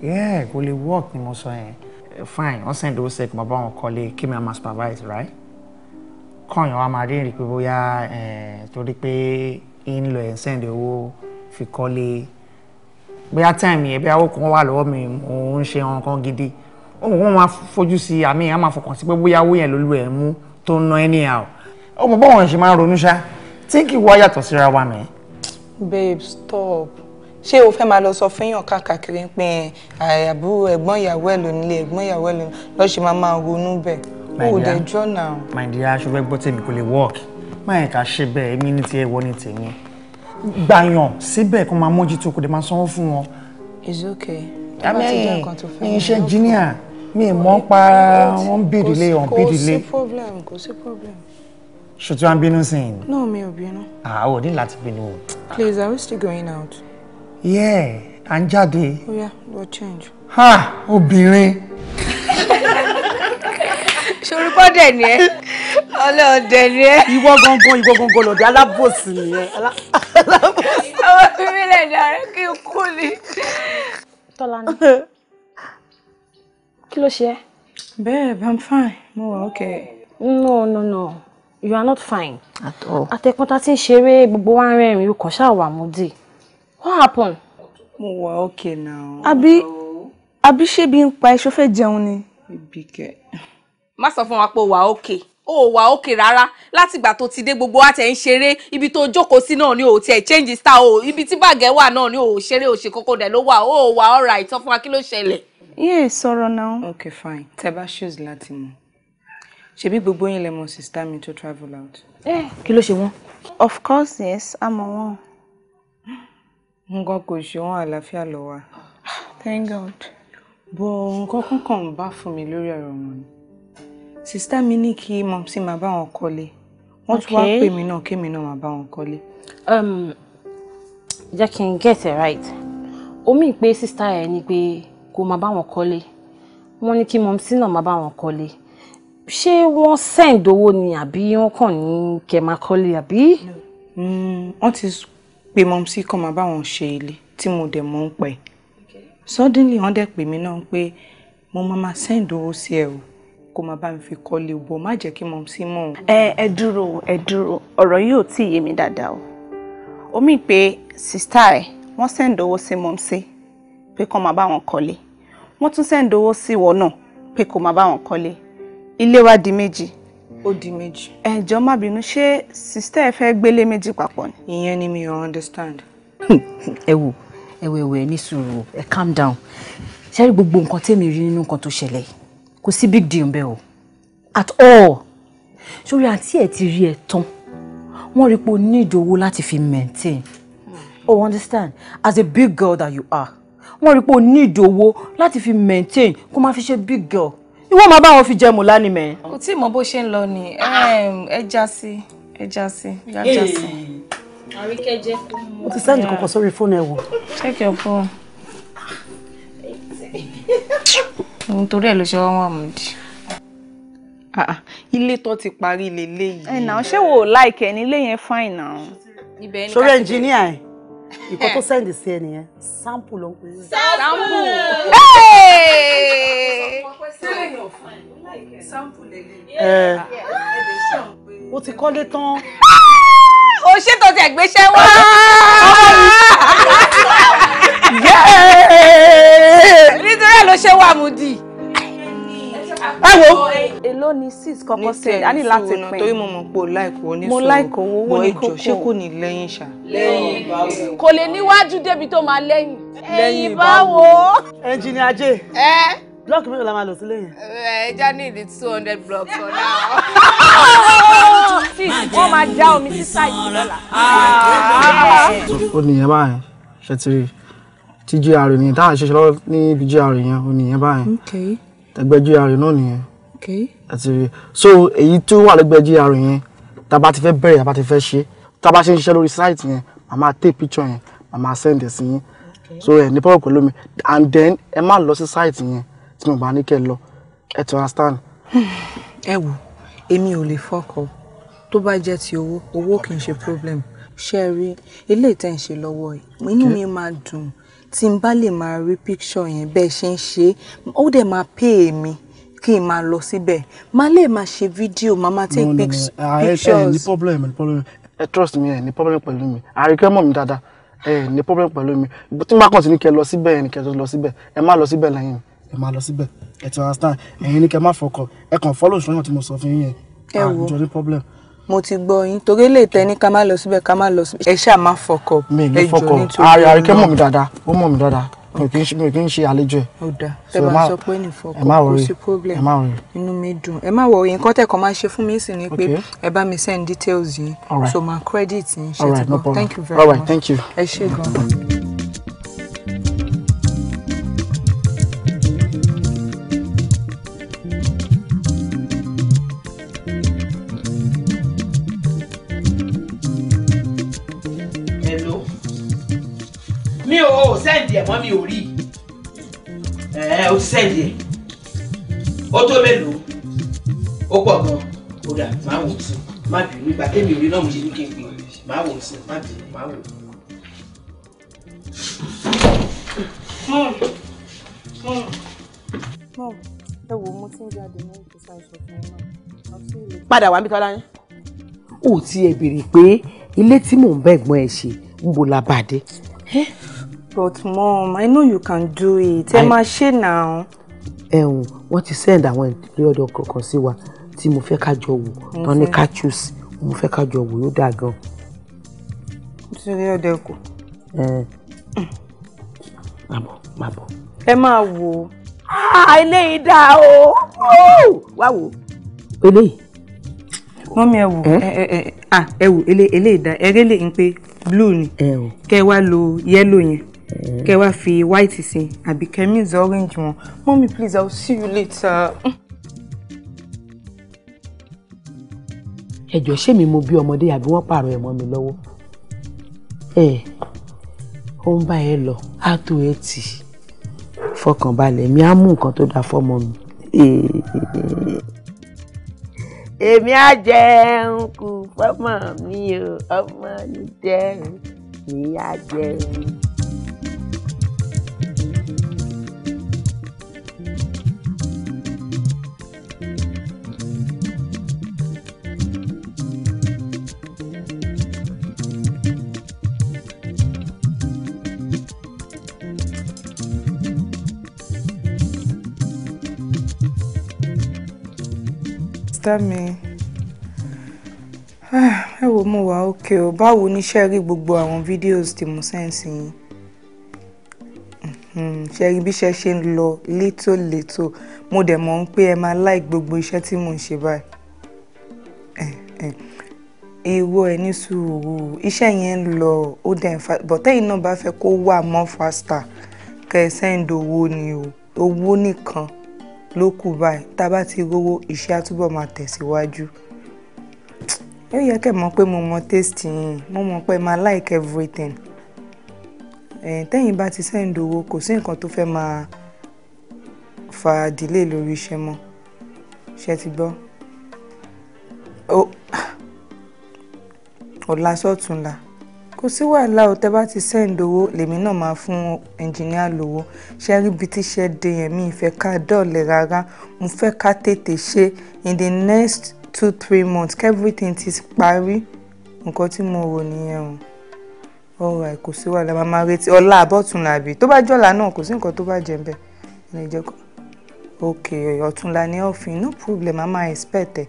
yeah kò lè work ni mo sọ yẹn fine wọ́n send owó sẹ́ kí mo bá wọn kọ́lé kí mi máa supervise right kọ́yìn wa máa rírì pé bóyá eh, torí pé in lọ ẹ̀ ń send owó fi kọ́lé bóyá time yẹn bóyá owó kan wà lọ́wọ́ mi mò ń ṣe wọn kan gidi ó mọ̀ wọ́n máa fojú sí àmì yẹn á máa fọkàn sí pé bóyá owó yẹn ló lu ẹ̀ mú tó ń ná anyhow ó mọ̀ bọ́wọ̀n ṣe máa ń ronú ṣá tí kì í wá yàtọ̀ síra wa mẹ́. babe stop ṣé o fẹ́ máa lọ sọ fún yàn káàkiri pé àbúrò ẹ̀gbọ́n ìyàwó ẹ̀ lónílé ẹ̀gbọ́n ìyàwó ẹ̀ lónílé lọ́ọ́ ṣe máa máa ronú bẹ̀ o dẹ̀ jọ́ náà. my dear aṣọ fẹ́ gbọ́ tèmi kò lè work má yẹn ká ṣe bẹ́ẹ̀ èmi ní tiẹ̀ wọ́ ní tèmi gbàyàn síbẹ̀ kó máa mójútó kó dé máa sanwó fún wọn. it's okay. amẹ́yìn iṣẹ́ junior mi mọ́ pa wọ́n bìdìlé wọ́n bìdìlé. kò sí problem kò sí problem ṣùtú à ń bínú sí i. náà mi ò bínú. àá ah, ò ní láti bínú o. please are we still going out yeah à ń jáde. ó yá lọ change. ha obìnrin. sorúkọ dẹ̀ ni ẹ́ ọlọ́ọ̀dẹ̀ ni ẹ́. ìwọ gangan ìwọ gangan lọ̀dẹ̀ alábòsí nìyẹn alábòsí. ọmọ mi lè dára kí n kú ni. Tọ́lání *laughs* kí ló ṣe ẹ́. babe i'm fine mo wà okay. no no no you are not fine. at all. àtẹ̀kùn ta ti ń ṣeré gbogbo wa ń rẹ́rìn-ín kò ṣáà wà mú dì what happened. mo wà okay now. Abi, Abi ṣé bí ń pa ẹ ṣó fẹ́ jẹun ni. ibi kẹ. má sọ fún wa pé o okay o wà okay rárá látìgbà tó ti dé gbogbo àtẹ ń ṣeré ibi tó jókòó sí náà ni o tiẹ̀ change star. o ibi tí bàgẹ́ wà náà ni o ṣeré o ṣe kókó dẹ̀ ló wà o wà alright So fún wa kí ló ṣẹlẹ̀. yéè sọ̀rọ̀ okay fine Teba bá shoes láti mọ̀ ṣebí gbogbo yín lẹ mọ̀ sista mi tó travel out. Eh kilo ló won? of course yes a mọ̀ nǹkan kò ṣe àlàáfíà ló wà. thank god. bọ nǹkan kankan ń bá fún mi lórí ọ̀rọ̀ wọn ni sista mi ní kí mọ̀mísí máa bá wọn kọ́lé wọ́n tún wá pè mí náà kémi náà máa bá wọn kọ́lé. Um, jẹ́ kí n get it right omi pé sista ẹ̀ ni pé kó máa bá wọn kọ́lé wọ́n ní kí mọ̀mísí náà máa bá wọn kọ́lé ṣé wọ́n send owó ni àbí wọ́n kàn ní kẹ́ máa kọ́lé àbí. Mm, wọ́n ti pé mọ́mísí kan máa bá wọn ṣe ilé tí mo dẹ̀ mọ́ ń suddenly wọ́n dẹ̀ pè mí náà pé mo máa máa send owó sí ẹ o kó máa bá mi fi kọ́lé bọ̀ má jẹ́ kí mọ́mísí mọ̀ o. ẹ ẹ dúró ẹ dúró ọ̀rọ̀ yìí ò tí ì yé mi dáadáa o omi pé sista ẹ wọ́n send owó sí mọ́mísí pé kó máa bá wọn kọ́lé wọ́n tún send owó sí ìwọ náà pé kó máa bá wọn kọ́lé ilé wa di méjì ó di méjì. ẹ jọ̀ọ́ má bínú ṣé sista ẹ fẹ́ gbélé méjì papọ̀ ni. ìyẹn ni mi ò understand. Hmm, ẹ wò ẹ wò ẹ wò ẹ ní sùúrù ẹ calm down ṣe rí gbogbo nǹkan tẹ́mi rí nínú nǹkan tó ṣẹlẹ̀ kò sí big deal bẹ́ẹ̀ o at all sórí àǹtí ẹ̀ ti rí ẹ tán wọ́n rí pé o ní ìdòwò láti fi maintain oh understand as a big girl that you are wọ́n rí pé o ní ìdòwò láti fi maintain kó má fi ṣe big girl ìwọ máa bá wọn fi jẹun lánìí mẹ. kò tí mọ bó ṣe ń lọ ni ẹja sí ẹja sí ẹja sí. àríkẹ́jẹ́ fún mi. mo ti sẹ́ndì kọ̀ọ̀kan sórí fóònù ẹ̀ wọ̀. check your phone. òun torí ẹ̀ ló ṣe wọ́n wà mú di. Ah, ah, ilé tó ti parí lélẹ́yìí. ẹ̀ náà ṣé wò ó láìkẹ́ nílé yẹn fine náà. sórí ẹnjìníà ẹ̀ ìkọ́ tó sẹ́ǹdì sí ẹ nìyẹn sample ló ń pè é. sample. Eh. ó ti kọ́lé tán. Ah! o ṣe tó tẹ̀ gbéṣẹ́ wá. *laughs* nítorí ẹ̀ ló ṣe wà mú di ẹ wo. èló ni six kọ́kọ́ sẹ a ní láti pín. torí mo mọ̀ pé o láìkò oníṣòwò mo láìkò owó owó ní kókó. ṣé kò ní lẹ́yìn ṣá. lẹ́yìn báwo. kò lè níwájú débi tó máa lẹ́yìn. lẹ́yìn báwo. ẹnjìnìá ajé. blọọkì mélòó la máa lò sílé yẹn. ẹ já ní ìdí two hundred blocks for now. *laughs* six wọ́n máa já omi sí sáìdì lọ́la. ó nìyẹn báyìí ṣe ti rí tí gr táwọn ṣẹṣẹ lọ́wọ́ ní ibi gr yẹn ó nìyẹn báyìí ẹgbẹ́ GRA náà nìyẹn. okay. so èyí tó wà lẹ́gbẹ́ GRA yẹn tá a bá ti fẹ́ bẹ̀rẹ̀ tá a bá ti fẹ́ ṣe tá a bá ṣe ń ṣiṣẹ́ lórí site yẹn màmá take picture yẹn màmá send ẹ̀ sí yín so ẹ̀ ní pọ́pọ̀ pẹ̀lú and then ẹ má lọ sí site yẹn tí mo bá ní kẹ́ lọ ẹ ti understand. *sighs* ẹ wò èmi ò lè fọkọ tó bá jẹ́ ti owó owó kì í ṣe problem ṣe rí eléyìí tẹ́ ń ṣe lọ́wọ́ yìí inú mi máa dùn tí n bá lè máa rí picture yẹn bẹ́ẹ̀ ṣe ń ṣe ó dẹ̀ máa pè é mi kí n máa lọ síbẹ̀ máa lè máa ṣe fídíò máa máa take pictures. Ah, ẹ ẹ ní problem ní problem ẹ trust me ẹ ní problem pẹ̀lú mi àríkẹ́ mọ̀ mi dáadáa ẹ ní problem pẹ̀lú mi tí n bá kàn sí ní kẹ́ lọ síbẹ̀ ẹ ní kẹ́ lọ síbẹ̀ ẹ má lọ síbẹ̀ lẹ́yìn ẹ má lọ síbẹ̀ ẹ ti understand ẹ̀yin ní kẹ́ má fọkọ̀ ẹ kàn follow ìṣọ́yàn tí mo sọ fún yín yẹn àjọ ah, ní problem mo ti gbọ́ yín torí lè tẹ ní ká má lọ síbẹ̀ ká má lọ síbẹ̀ ẹ ṣáà má fọkọ ẹ jọ nítorí ọ̀rọ̀ àríkẹ́ mọ̀ mí dáadáa ó mọ̀ mí dáadáa mi kì í mi kì í ṣe àlejò ẹ. ó dáa tẹ bá sọ pé nìfọkàn kò sí problem ẹ má wọrí inú mi dùn ẹ má wọrí nǹkan tẹ̀kọ́ máa ṣe fún mi sì ni pé ẹ bá mi send details yìí so my credit ń ṣe ti bọ́ thank you very much ẹ ṣé gan-an. ẹ̀ mọ́ mi ò rí ẹ̀ ó ti sẹ́ẹ̀dì ẹ̀ ó tó mélòó ó pọ̀ gan ó dà máa wò sí má bínú ìgbà tẹ́mi ò rí náà mo ṣe ní kí n pè máa wò sí má bínú máa wò. ẹ wo mo ti ń jáde ní ìfisà ìṣòfin náà. padà wá mi tọ́lá yín. ó ti ẹ̀ béèrè pé ilé tí mò ń bẹ̀gbọ́n ẹ̀ ṣe ń bo labàdé. But mom, I know you can do it. Ẹ máa ṣe now. Ẹ̀wọ̀n wọ́n ti send àwọn ìpínlẹ̀ ọ̀dọ̀ kankan sí wa tí mo fẹ́ ká jọ wò tán ní ká choose mo fẹ́ ká jọ wò yóò dà gan. Nítorí ọ̀dẹ kù. Má bọ̀ má bọ̀. Ẹ máa wò ó. Ah, eléyìí dá o. Wá wò ó. Eléyìí. Mọ́mí ẹ wò ẹ ah, wò eléyìí dá ẹrẹ́lẹ̀ ń pé blue ni kẹ́ ẹ wá lo yellow yẹn kẹ wá fi white sí àbí kẹmíìsì orange one. mommy please i will see you later. ẹjọ ṣé mi mo bí ọmọdé àbí wọ́n pààrọ̀ ẹmọ mi Eh, ẹ ó ń bá ẹ lọ á tó etí fọkànbalẹ̀ mi á mú nǹkan tó dáa fọ́mọ mi. a *laughs* á jẹun kù fọ́mọ mi o ọmọ mi jẹun mi á jẹun. sista mi ah, ẹ wo mo wà òkè o báwo ni ṣe rí gbogbo àwọn videos, tí mo sẹ́ǹsì yín mhm, ṣe rí bí iṣẹ́ ṣe ń lọ létòlétò mo dẹ̀ mọ̀ ń pé ẹ máa láì gbogbo iṣẹ́ tí mò ń ṣe báyìí ìwọ eh, eh. ẹ ní sùúrù iṣẹ́ yẹn ń lọ ó dẹ̀ ń fa bọ̀tẹ́yìn náà bá fẹ́ kó wà mọ́ fásità kẹ́ ẹ sẹ́ǹdì owó ni o owó nìkan ló kù báyìí tá a bá ti rówó iṣẹ́ á túbọ̀ máa tẹ̀síwájú ó yẹ kẹ́ mọ̀ pé mo mọ taste yín mo mọ̀ pé máa like everything tẹ́yìn bá ti sẹ́ǹd owó kò sí nǹkan tó fẹ́ máa fa delay lórí iṣẹ́ mọ́ ṣe ti gbọ́ ọ̀la sọ́túnla. So kò sí wàhálà o tẹ́ bá ti send owó lèmi náà máa fún ẹnjìníà lówó ṣe rí ibi tí ṣe dé yẹn mi ìfẹ́ ká dọ̀lẹ́ rárá mo fẹ́ ká tètè ṣe in the next two three months everything ti parí nǹkan tí mo rò nìyẹn o alright kò sí wàhálà màmá retí ọ̀la àbọ̀túnla àbí tó bá jọ̀la náà kò sí nǹkan tó bá jẹ́ bẹ́ẹ̀ ẹ lè jẹ́ kó ok ọ̀túnla ní ọ̀fìn no problem màmá expect ẹ̀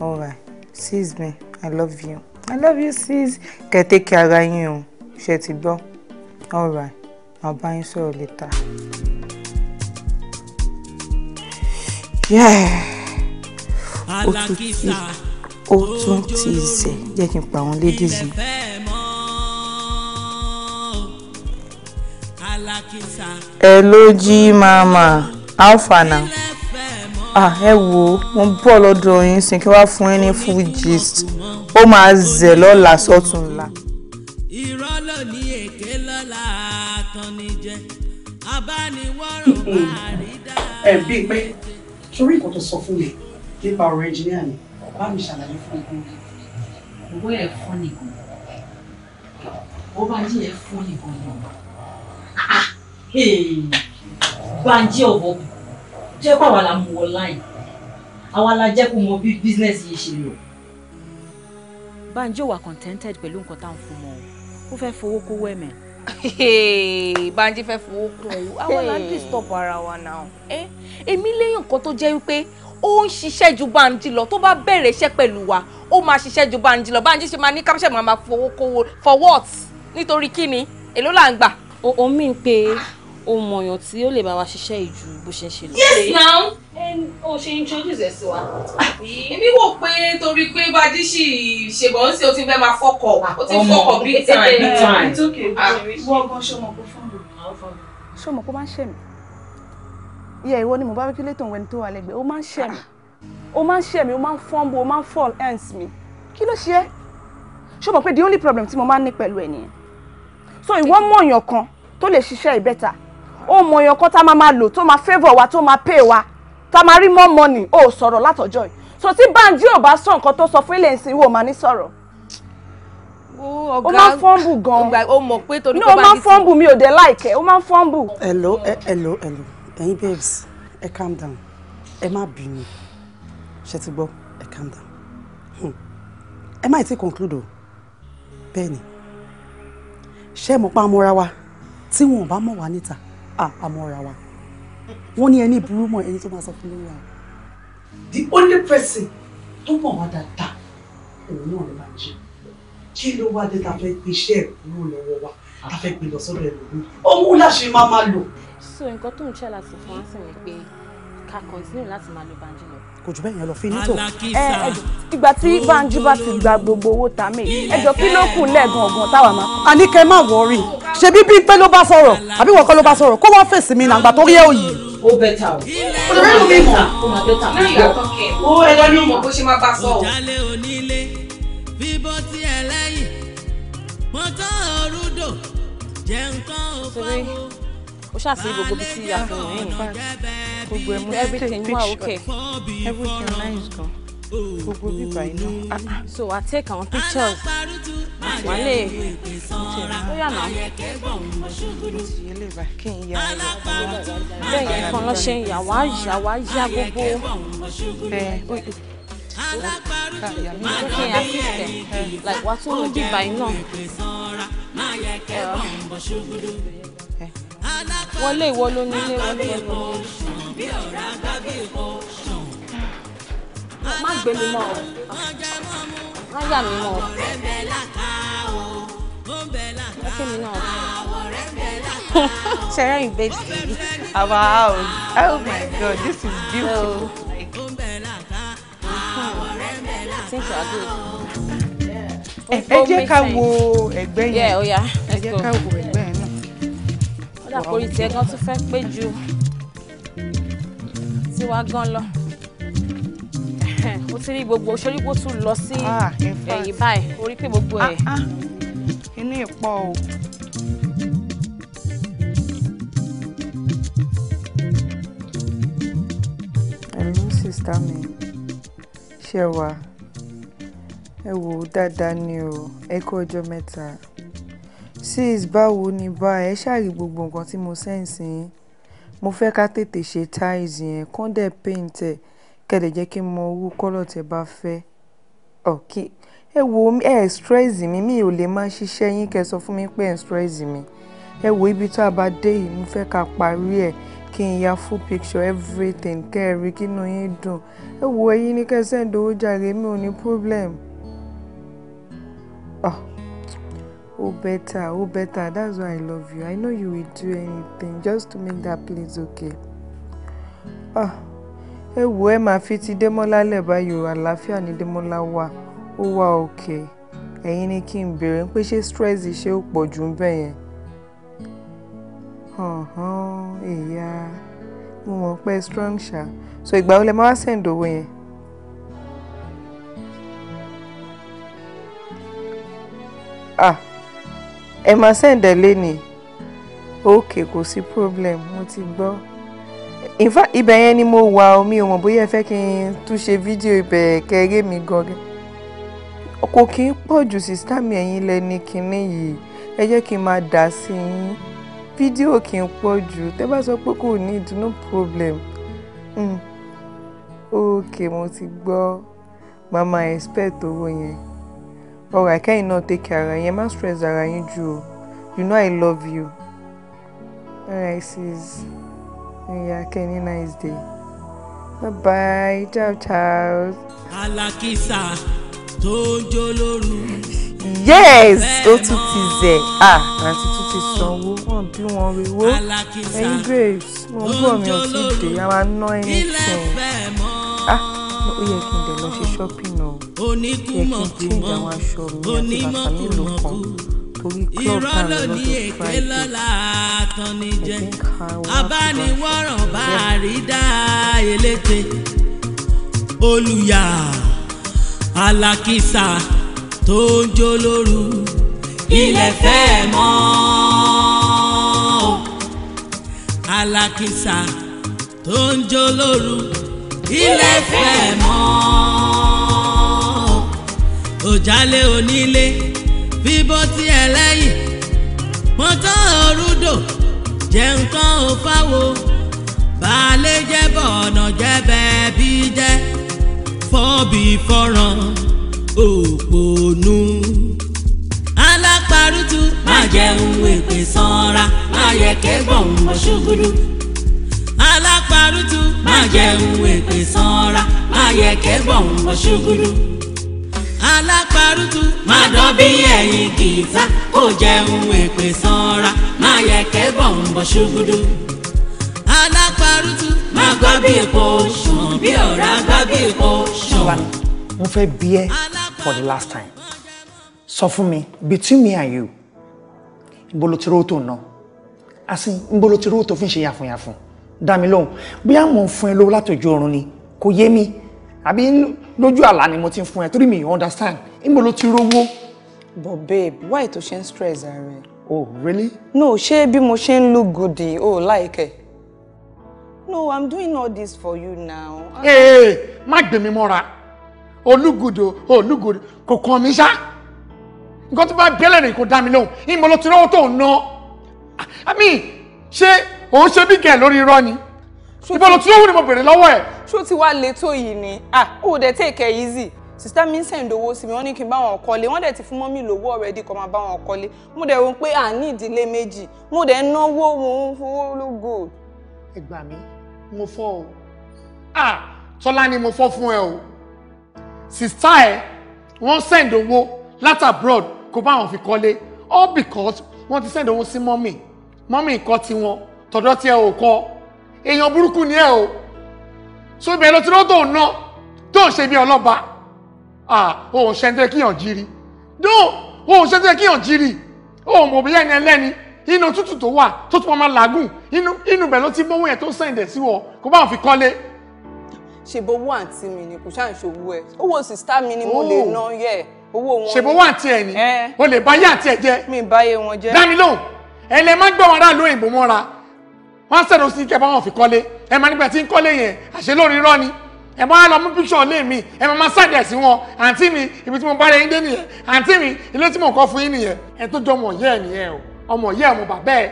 alright sees me i love you. I love you sis kẹ́ take care of you. o ṣe ti All right. màá bá yín sọ̀rọ̀ later. ó tún ti ó tún ti zẹ̀ jẹ́ kí n pa àwọn ladies yìí. ẹ ló jí màmá how far now ah ẹ wo mo bọ̀ lọ́dọ̀ yín sin kí wàá fún ẹ ní full gist ó máa zẹ̀ lọ́la sọ́túnla. irọ́ ló ní èké lọ́la àtọ́nijẹ́ abániwọ́rọ̀ máa hmm. rí dáadáa. ẹ bíi pé torí nǹkan tó sọ fún mi nípa ọ̀rọ̀ ẹnjìníà ni bá mi ṣàlàyé fún un. owó ẹ̀ fún nìkan ó bá jí ẹ fún nìkan náà Bánjí ọ̀bọ̀ jẹ́ pé àwa la mú wọ láì àwa la jẹ́ kó mọ bí bísínẹ́sì yìí ṣe lọ. Banjo wà contented pẹ̀lú nǹkan tá à ń fún mọ́ ó fẹ́ fowó kówó ẹ̀mẹ̀. Banji fẹ́ fowó kún owó àwa la disturb ara wa náà èmi lẹ́yìn nǹkan tó jẹ́ wípé ó ń ṣiṣẹ́ ju Banji lọ tó bá bẹ̀rẹ̀ iṣẹ́ pẹ̀lú wa ó máa ṣiṣẹ́ ju Banji lọ Banji ṣe máa ní kámṣẹ́ máa máa fowó kówó for what nítorí kíni èló là ń gbà. òun mi ń pe o mọ̀yàn tí ó lè bá wa ṣiṣẹ́ ìjù bó ṣe ń ṣe lọ. yes now o ṣe introduce ẹ sí wa. Ah, èmi wò pé torí pé bájí sì ṣèbọn sí o ti fẹ́ máa fọkọ̀ o ti fọkọ̀ big time big time. it's okay ah. wọ́n gan ṣọmọ kó fún mi. ṣọmọ kó máa ń ṣe mí yẹ ìwọ ni mo bá wíkí létò ìwẹ̀ni tó wà lẹ́gbẹ̀ẹ́ ó máa ń ṣe mí ó máa ń ṣe mí ó máa ń fọ́nbó ó máa ń fall ends mi kí ló ṣe é ṣọmọ pé the only problem tí mo máa ń ní pẹ̀lú ẹ̀ nìyẹn so ìwọ mọ̀yàn kan tó lè ṣiṣẹ́ ìbẹ́ta ó mọ èèyàn kan tá máa máa lò tó máa favour wa to máa pay wa tá máa rí more money ó sọ̀rọ̀ látọjọ́ yìí so tí Banji ò bá sọ nǹkan tó sọ fún ilé ìsìn wo máa ní sọ̀rọ̀ ó máa ń fọ́ǹbù gan-an ó mọ̀ pé torí kọ́ bá ní sí ní mi ò dé láìkẹ́ ó máa ń fọ́ǹbù. hello hello hello ẹ̀yin babes ẹ calm down ẹ má bínú ṣe ti gbọ́ ẹ calm down hmm. ẹ má ti conclude o bẹ́ẹ̀ ni ṣé mo pa mọ́ra wa tí wọn ò bá mọ̀ wá Ah, àmọ́ra wa wọ́n ní ẹni burú mọ̀ ẹni tó máa sọ fún lórí wa. the only person tó mọ̀ wá dáadáa òun náà ló máa ń jẹ kí ló wá dé ta fẹ́ gbé iṣẹ́ ẹ̀ kúrò lọ́wọ́ wa ta fẹ́ gbé lọ sọ́dọ̀ ẹlòmíì òun láṣẹ máa máa lò. so nǹkan tó ń ṣe láti fún wa sí ni pé ká continue láti máa lo banjẹ lọ kò jù bẹ́ẹ̀ yẹn lọ fi nítò ìgbà tí Banji bá ti gba gbogbo owó ta mí ẹjọ́ kí ló kù lẹ́ẹ̀gan ọ̀gbọ̀n táwa máa. àní kẹ́ má wọrí ṣebí bí pé ló bá sọ̀rọ̀ àbí wọ́n kọ́ ló bá sọ̀rọ̀ kó wá fèsì mi nàgbà tó rí ẹ̀ òyì. ó bẹ́tà o ó lọ́ọ́ mi mọ̀ ó máa bẹ́tà o. lẹ́yìn ìgbà kọ́kẹ́ ó ẹjọ́ ní mọ̀ bó ṣe máa bá sọ o. ìjálẹ̀ onílé bíbọ́ tí ẹ lẹ́yìn mọ́tò orúdò jẹ́ nǹkan ò fáwọn ó ṣàṣe gbogbo bí tí àfihàn yìí gbogbo ẹ mo ti take picture everything nice gan gbogbo bíbá iná. Ah, ah. so i take our pictures wà lè ó yà náà. kí bẹ́ẹ̀ yẹn kan lọ́ yà wá yà wá yá gbogbo. bẹ́ẹ̀ looking at it like wàá tún mú bíbá iná wọlé ìwọ ló ní ilé wọlé ìwọ ló ní ilé. má gbé mi mọ́ ọ má yà mí mọ́ ọ. ẹ fẹ́ mi náà. Sharing bed TV. Oh my God, this is beautiful. Oh. Ẹ jẹ́ ká wo ẹgbẹ́ yẹn. Oh ẹ jẹ́ ká wo ẹgbẹ́ dàpọ̀rí tiẹ̀ gan tún fẹ́ pé ju tiwa gan lọ mo ti rí gbogbo sórí bó tún lọ sí ah, ẹ̀yìn báyìí orí pé gbogbo ẹ̀. Ah, ah. inú ìpọ̀ o. ẹ̀lú sista mi ṣe wà ẹ wò ó dáadáa ni o ẹ kú ọjọ́ mẹ́ta sis báwo ni báa ẹ ṣáà rí gbogbo nǹkan tí mo sẹ́ǹsì yín mo fẹ́ ká tètè ṣe tiles yẹn kán dẹ̀ paint ẹ̀ kẹ́ dẹ̀ jẹ́ kí n mọ irú kọ́lọ̀ tẹ́ bá fẹ́ ọ̀kí ẹ wo ẹ stress mi mi ò lè máa ṣiṣẹ́ yín kẹ́ sọ fún mi pé ẹ stress mi ẹ wo ibi tó a bá dé yìí mo fẹ́ ká parí ẹ̀ kí n ya full picture everything kẹ́ ẹ rí kínú yín dùn ẹ wo ẹ̀yin ní kẹ́ send owó jàre mi ò ní problem. Oh. Oh, better. Oh, better. That's why I love you. I know you will do anything just to make that place okay. Ah, ẹ wo ẹ máa fi ti Démọ́lá lẹ̀ báyìí o, àlàáfíà ni Démọ́lá wà, ó wà òkè. Ẹ̀yin ni kí n béèrè pé ṣé stress ṣé ó pọ̀ jù ń bẹ̀ yẹn? Ẹ̀yà mo mọ̀ pé strong ṣá. So ìgbà wo lẹ máa wá send owó yẹn? Ah ẹ máa sẹ́ǹdẹ̀ lẹ́nìí ok kò sí problem mo ti gbọ́ in fact ibẹ̀ yẹn ni mo wà omi ò mọ̀ bóyá ẹ fẹ́ kí n tún fídíò ibẹ̀ kẹrẹ́ mi gan-an kò kí ń pọ̀ jù sísá mi ẹ̀yin lẹ́ni kínní yìí ẹ jẹ́ kí n máa dà sí yín fídíò kì í pọ̀ jù tẹ́ bá sọ pé kò ní no problem mm. ok mo ti gbọ́ màmá expect owó yẹn alright kẹ́yìn náà take care ara yẹn má stress ara yín you know I love you alright sis can you nice day bye bye ciao ciao. alákìsà yes ó tún ti zẹ̀ ah àti tún ti sanwó wọn bí wọn rewó ẹyin babes mo bọ̀ mi ò tí ì dé àwọn aná ẹni sìn ah ó yẹ kí n dẹ̀ lọ ṣe shopping oníkùmọ̀kùmọ̀ onímọ̀kùmọ̀kù irọ́ ló ní èké lọ́la àtọ́nijẹ́ abániwọ̀ràn bá a rí dá eléte olùyà alákìsà tó ń jó lóru ilẹ̀ fẹ́ mọ́ alákìsà tó ń jó lóru ilẹ̀ fẹ́ mọ́ òjálé onílé bíbó tí ẹlẹ́yìn mọ́tò orúdò jẹ́ nǹkan ò fáwo baálé jẹ́ bọ̀ọ̀nà jẹ́ bẹ́ẹ̀ bí jẹ́ fọ́ọ̀bì fọ́ràn òpònú. alápárùtù má jẹun èpè sanra má yẹ kégbọ̀n ọ̀ṣùgbùdù. alápárùtù má jẹun èpè sanra má yẹ kégbọ̀n ọ̀ṣùgbùdù alápárùtù. má dán bí ẹ̀yìn gìtá kò jẹun èpè sanra má yẹ kẹ́ bọ̀m̀bọ̀ ṣúgúdú. alápárùtù. má gbá bí epo ṣùn bí ọ̀rá gbá bí epo ṣùn. mo fẹ́ bí ẹ for the last time sọ fún mi between me and you ìbolo tí róòtò náà asin ìbolo tí róòtò fi ń ṣe yàfùnyàfùn dá mi lóhùn bóyá mò ń fún ẹ lówó látòjú oorun ni kò yé mi àbí lójú àlá ni mo ti ń fún ẹ torí mi you understand níbo ló ti rówó. but babe why to ṣe ń stress ara oh really. no ṣé bí mo ṣe ń look good o oh, like ẹ. no i'm doing all this for you now. ee eh, eh, eh, má gbé mi mọ́ra olúgudo olúgudo kò kàn mí ṣá nǹkan tó bá bẹ́lẹ̀ rìn kò dá mi lóhùn níbo ló ti rówó tó ń ná. àmì ṣé òun ṣe bí kẹ̀ lórí irọ́ ni ibo ló ti lówó ni mo bèrè lọ́wọ́ ẹ̀. ṣó ti wá le yìí ni ah ó dẹ̀ take it easy Sister, mi ń send owó sí mi wọ́n ní kí n bá wọn kọ́lé wọ́n dẹ̀ ti fún mọ́mí lówó already kó máa bá wọn kọ́lé mo dẹ̀ rò pé à ní ìdílé méjì mo dẹ̀ náwó mo fowó ló good. ẹ gbà mí mo fọ o ah tọ́lá ni mo fọ́ fún ẹ o sista ẹ wọ́n send láti abroad kó bá wọn fi kọ́lé all because wọ́n ti send owó sí mọ́mí mọ́mí nǹkan tiwọn tọ̀dọ̀ tiẹ̀ ò kọ́ èèyàn burúkú ni ẹ o so ibẹ̀ ló ti rọ́ tó ń ná tó ń ṣe bí ọlọ́ba òun ṣẹ́ńtẹ́ kíyàn jírí dùn òun ṣẹ́ńtẹ́ kíyàn jírí òun mọ̀ bíyà ẹni ẹlẹ́ni inú tútù tó wà tó tún máa làágùn inú ibẹ̀ ló ti mọ́wọ́ yẹn tó ń sẹ̀ǹdẹ̀ sí wọ kó bá wọn fi kọ́lé. ṣèbó wà mi ni kò ṣàǹṣòwò ẹ owó sista mi ni mo oh. lè ná yẹ owó wọn. ṣèbó wà ẹ ni eh. o lè báyé àǹtí ẹ jẹ. mi báyé wọn jẹ. dá mi lóhùn ẹ lè má gbọ́ wọn aráàlú òyìnbó mọ́ra wọ́n sẹ̀dọ̀ sí kẹ́ wọn fi kọ́lé ẹ máa nígbà tí ń kọ́lé yẹn àṣẹ lórí irọ́ ni ẹ máa lọ mú píṣọ̀ lé mi ẹ máa máa ṣàdẹ̀ wọn àǹtí mi ibi tí mo bá rẹ yín dé nìyẹn àǹtí mi ilé tí mo kọ́ fún yín nìyẹn ẹ tó jọ ọmọ ìyá ẹ nìyẹn o ọmọ ìyá ẹ mo bà bẹ́ẹ̀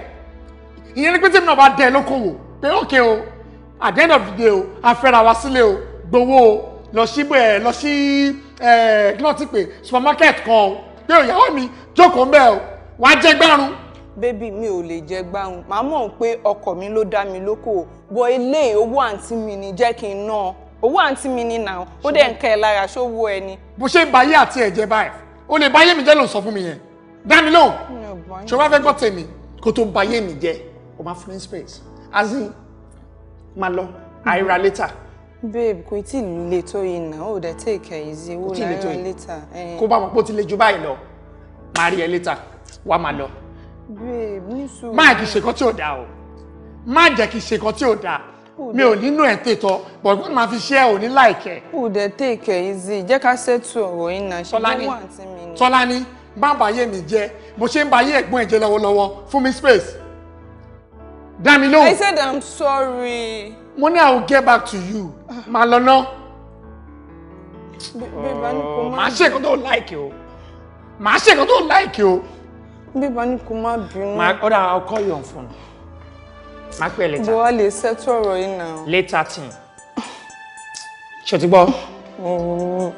ìyẹn ni pé tèmi náà bá dẹ lókòwò pé ókè o at the end of the day o afẹ́ra wa sílé o gbowó o lọ sí ẹ lọ sí ẹ kí náà ti pè supermarket kan o pé òyàwó mi jókòó bẹ́ẹ̀ o wàá jẹ gbárùn-ún bébì mi ò lè jẹ gbáhùn màá mọ̀ pé ọkọ mi ló dá mi lóko bọ eléyìí owó àǹtí mi ni jẹ́ kí n ná owó àǹtí mi ni nà ó dẹ̀ ń kẹ́ ẹ lára ṣówó ẹ ni. bó ṣe ń ba ayé àti ẹ̀jẹ̀ báyìí o lè ba ayé mi jẹ́ ló ń sọ fún mi yẹn dá mi lóhùn ṣọlá fẹ́ gbọ́ tèmi kó tó ba ayé mi jẹ́ o máa fún ní space as in máa lọ àìra later babe kò tí ì le tó yìí náà ó dẹ̀ take it easy owó láyọ̀ later. kó bá mọ̀ pé ó ti le ju báyìí lọ máa rí ẹ later wá máa lọ má kì í ṣe kan tí ò dáa o má jẹ́ kí n ṣe kan tí ò dáa mi ò nínú ẹ̀ tètò but wọ́n máa fi ṣe ẹ̀ ò ní láìkẹ́. kù dé take it jẹ́ ká ṣètò ọ̀rọ̀ yìí náà ṣe ló wà tí mi ní. tọ́lání má bàyé mi jẹ́ mo ṣe ń bàyé ẹ̀gbọ́n ẹ̀jẹ̀ lọ́wọ́lọ́wọ́ fún mi space. dá mi lóhùn. I said I'm sorry. mo ní I will get back to you máa lọ ná. màá ṣe nǹkan tó láìkì o màá ṣe nǹkan tó láìkì o bíbọn ni kò má bínú. ma ọ̀dà I'll call you on phone. má pẹ́ later. bọ́wá lè ṣètò ọ̀rọ̀ yìí náà. later thing. ṣe ti gbọ́. wọ́n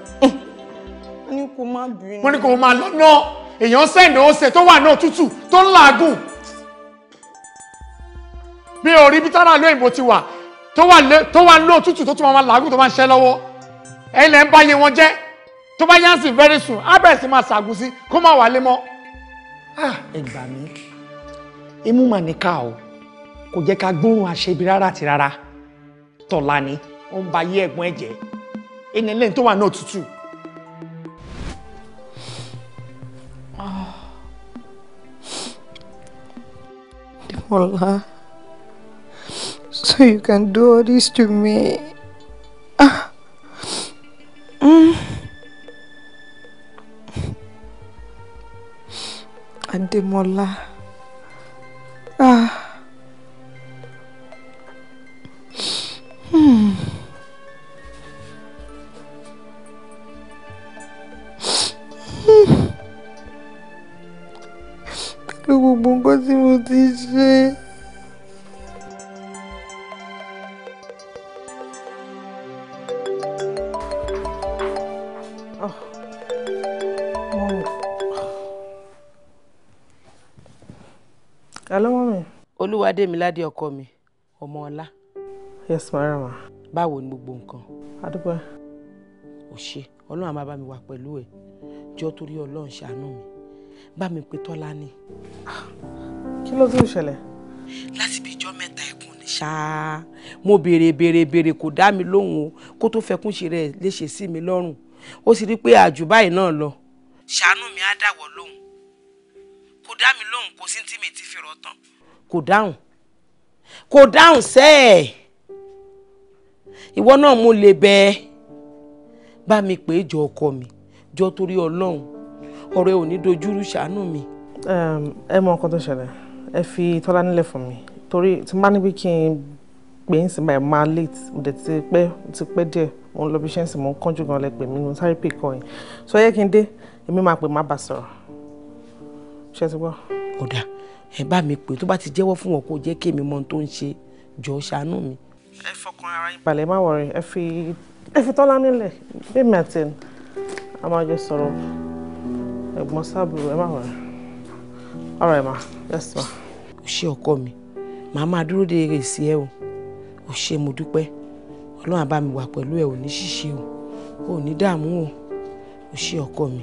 ní kò má bínú. wọ́n ní kò má lọ́nà èèyàn sẹ́ǹdì ọ̀sẹ̀ tó wà náà tútù tó ń làágùn. bí orí bí tára lóyìnbó ti wà tó wà lóò tútù tó tún máa làágùn tó máa ń ṣẹ́ lọ́wọ́ ẹ̀yin lẹ́ ń báyé wọn jẹ́ tó bá yánsì very soon á bẹ̀rẹ̀ sí máa ṣàgùn sí kó má wálé mọ́. Ah, ẹ gbà mí imú mà ní ká o kò jẹ́ ká gbóhùn àṣebi rárá àti rárá tọ̀la ni ó ń ba ayé ẹ̀gbọ́n ẹ̀ jẹ́ ẹni lẹ́yìn tó wà náà tútù. Demola, so you can do all this to me. Ah. Mm. Adémọ́lá ah hmm. pẹ̀lú hmm. gbogbo nǹkan tí mo ti ṣe. ta ló mọ̀ mi. olúwadémiládé ọkọ mi ọmọ ọlá. yes marama. báwo ni gbogbo nǹkan. adúpẹ́. ò ṣe ọlọ́run á bá mi wà pẹ̀lú ẹ̀ jọ torí ọlọ́run ṣàánú mi bá mi pe tọ́lá ni. Ah. kí ló tún ṣẹlẹ̀. láti bí ijọ́ mẹ́ta ẹkún ni ṣáá mo béèrè béèrè béèrè kò dá mi lóhùn o kó tó fẹkún ṣe rẹ̀ léṣe sí mi lọ́rùn ó sì rí pé àjù náà lọ. ṣàánú mi á dàwọ̀ lóhùn kò dá mi lóhùn kò sí tí mi ti fi rọ̀ tán. kò dáhùn kò dáhùn sẹ́ẹ̀ ìwọ náà mo lè bẹ ẹ bá mi pè é jọ ọkọ mi jọ torí ọlọ́run ọ̀rẹ́ ò ní dojúrú ṣàánú mi. ẹ mọ nǹkan tó ṣẹlẹ̀ ẹ fi tọ́lá nílẹ̀ fún mi torí tí má níbi kí n pè é sìn báyìí máa late mo dẹ̀ ti pẹ́ ti pẹ́ díẹ̀ mo ń lọ bí iṣẹ́ ń sìn mo ń kánjú gan lẹ pè mí mo sáré pè kọ́ yẹn so yẹ kí n dé èmi máa pè má bà sọ̀rọ̀ ṣe ti gbọ́. ọ̀dà ẹ bá mi pè tó bá ti jẹ́wọ́ fún wọn kó jẹ́ kí èmi mọ ohun tó ń ṣe jọ ṣàánú mi. ẹ fọkàn ara yín balẹ̀ má wọrin ẹ fi ẹ fi tọ́lá nílẹ̀ bí mẹ́tìn a máa jọ sọ̀rọ̀ ẹ̀gbọ́n sábúrò ẹ má wọrin ọ̀rọ̀ ẹ̀ má yes ma. o ṣe ọkọ mi màá máa dúró de èrèsí ẹ o o ṣe mo dúpẹ́ ọlọ́run àbá mi wà pẹ̀lú ẹ ò ní ṣìṣe o ò ní dààmú o o ṣe ọkọ mi.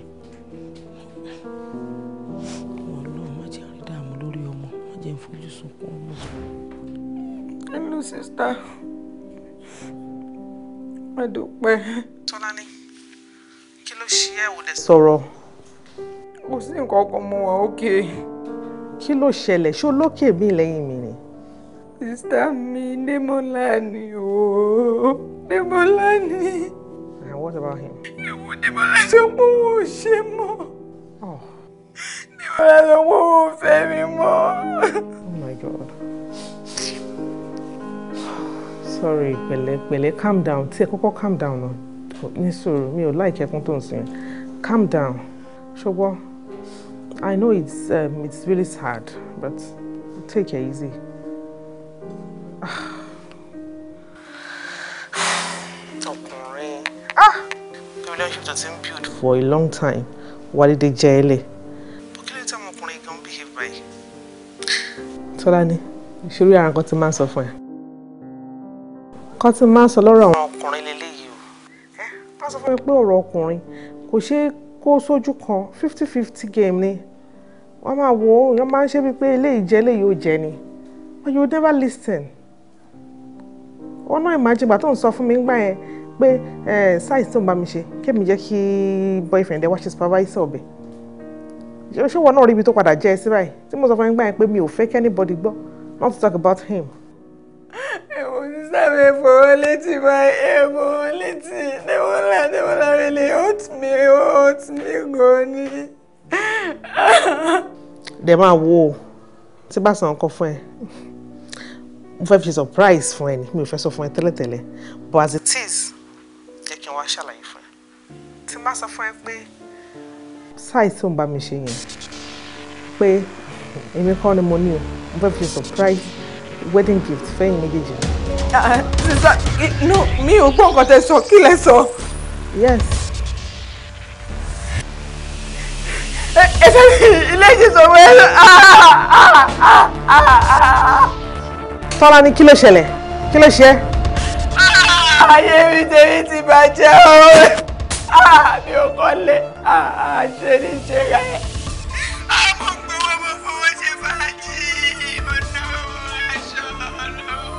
sísítà ẹ dúpẹ́. tọ́lání kí ló ṣe ẹ́ ò dẹ̀ sọ̀rọ̀. kò sí nǹkan kan mo wà ókè. kí ló ṣẹlẹ̀ ṣó lókè mi lẹ́yìn mi ni. sísítà mi Démọ́lá ni o Démọ́lá ni. and what about him. ìwọ Démọ́lá ṣe mú wọn ṣe mọ́. Oh. Démọ́lá ló mú wọn fẹ́ mi mo. oh my God sorry pẹ̀lẹ́ pẹ̀lẹ́ calm down tí ẹ kọ́kọ́ calm down náà ní sùúrù mi ò láì kẹ́kún tó ń sìn calm down ṣùgbọ́n I know it's um, it's really sad but take it easy. ọkùnrin ah relationship tó ti ń build for a long time wálé dé jẹ́ ẹ lẹ̀. Tọ́lá ni ìṣòro ara nǹkan ti máa ń sọ fún ẹ nǹkan tí máa ń sọ lọ́rọ̀ àwọn ọkùnrin lélẹ́yìí o wọ́n sọ fún mi pé ọ̀rọ̀ ọkùnrin kò ṣeé kó sójú kan fifty fifty game ni wọ́n máa wo èèyàn máa ń ṣe bíi pé eléyìí jẹ́ eléyìí ò jẹ́ ni but you never listen wọ́n náà imagine gbà tó ń sọ fún mi gbà yẹn pé size tó ń bá mi ṣe kémi jẹ́ kí boyfriend ẹ wá ṣe supervisor ọ̀bẹ ṣé wọn náà rí ibi tó padà jẹ́ ẹ sí báyìí tí mo sọ fún mi gbà yẹn pé mi ò fẹ́ kí anybody gbọ́ not to talk about him. ẹ wo sister mi fọwọ́ létí my hair fọwọ́ létí Demola Demola really hurt me hurt me gan ni. máa wo tí bá san nǹkan fún ẹ mo fẹ́ fi surprise fún ẹ ni mi ò fẹ́ sọ fún ẹ tẹ́lẹ̀tẹ́lẹ̀ but as it is jẹ́ kí n wá ṣàlàyé fún ẹ tí n bá sọ fún ẹ pé size tó ń bá mi ṣe yẹn pé èmi kọ́ ni mo ní o mo fẹ́ fi surprise wedding gift fẹ́yìn méjèèjì sísá no mi ò gbọ́ nǹkan tẹ́ sọ kí lẹ yes. ẹ fẹ́ ilé ìjìsọ̀ wẹ́ẹ́ ah, tọ́lá ni kí ló ṣẹlẹ̀ kí ló ṣe é. Ah, ayé mi tèmi ti bàjẹ́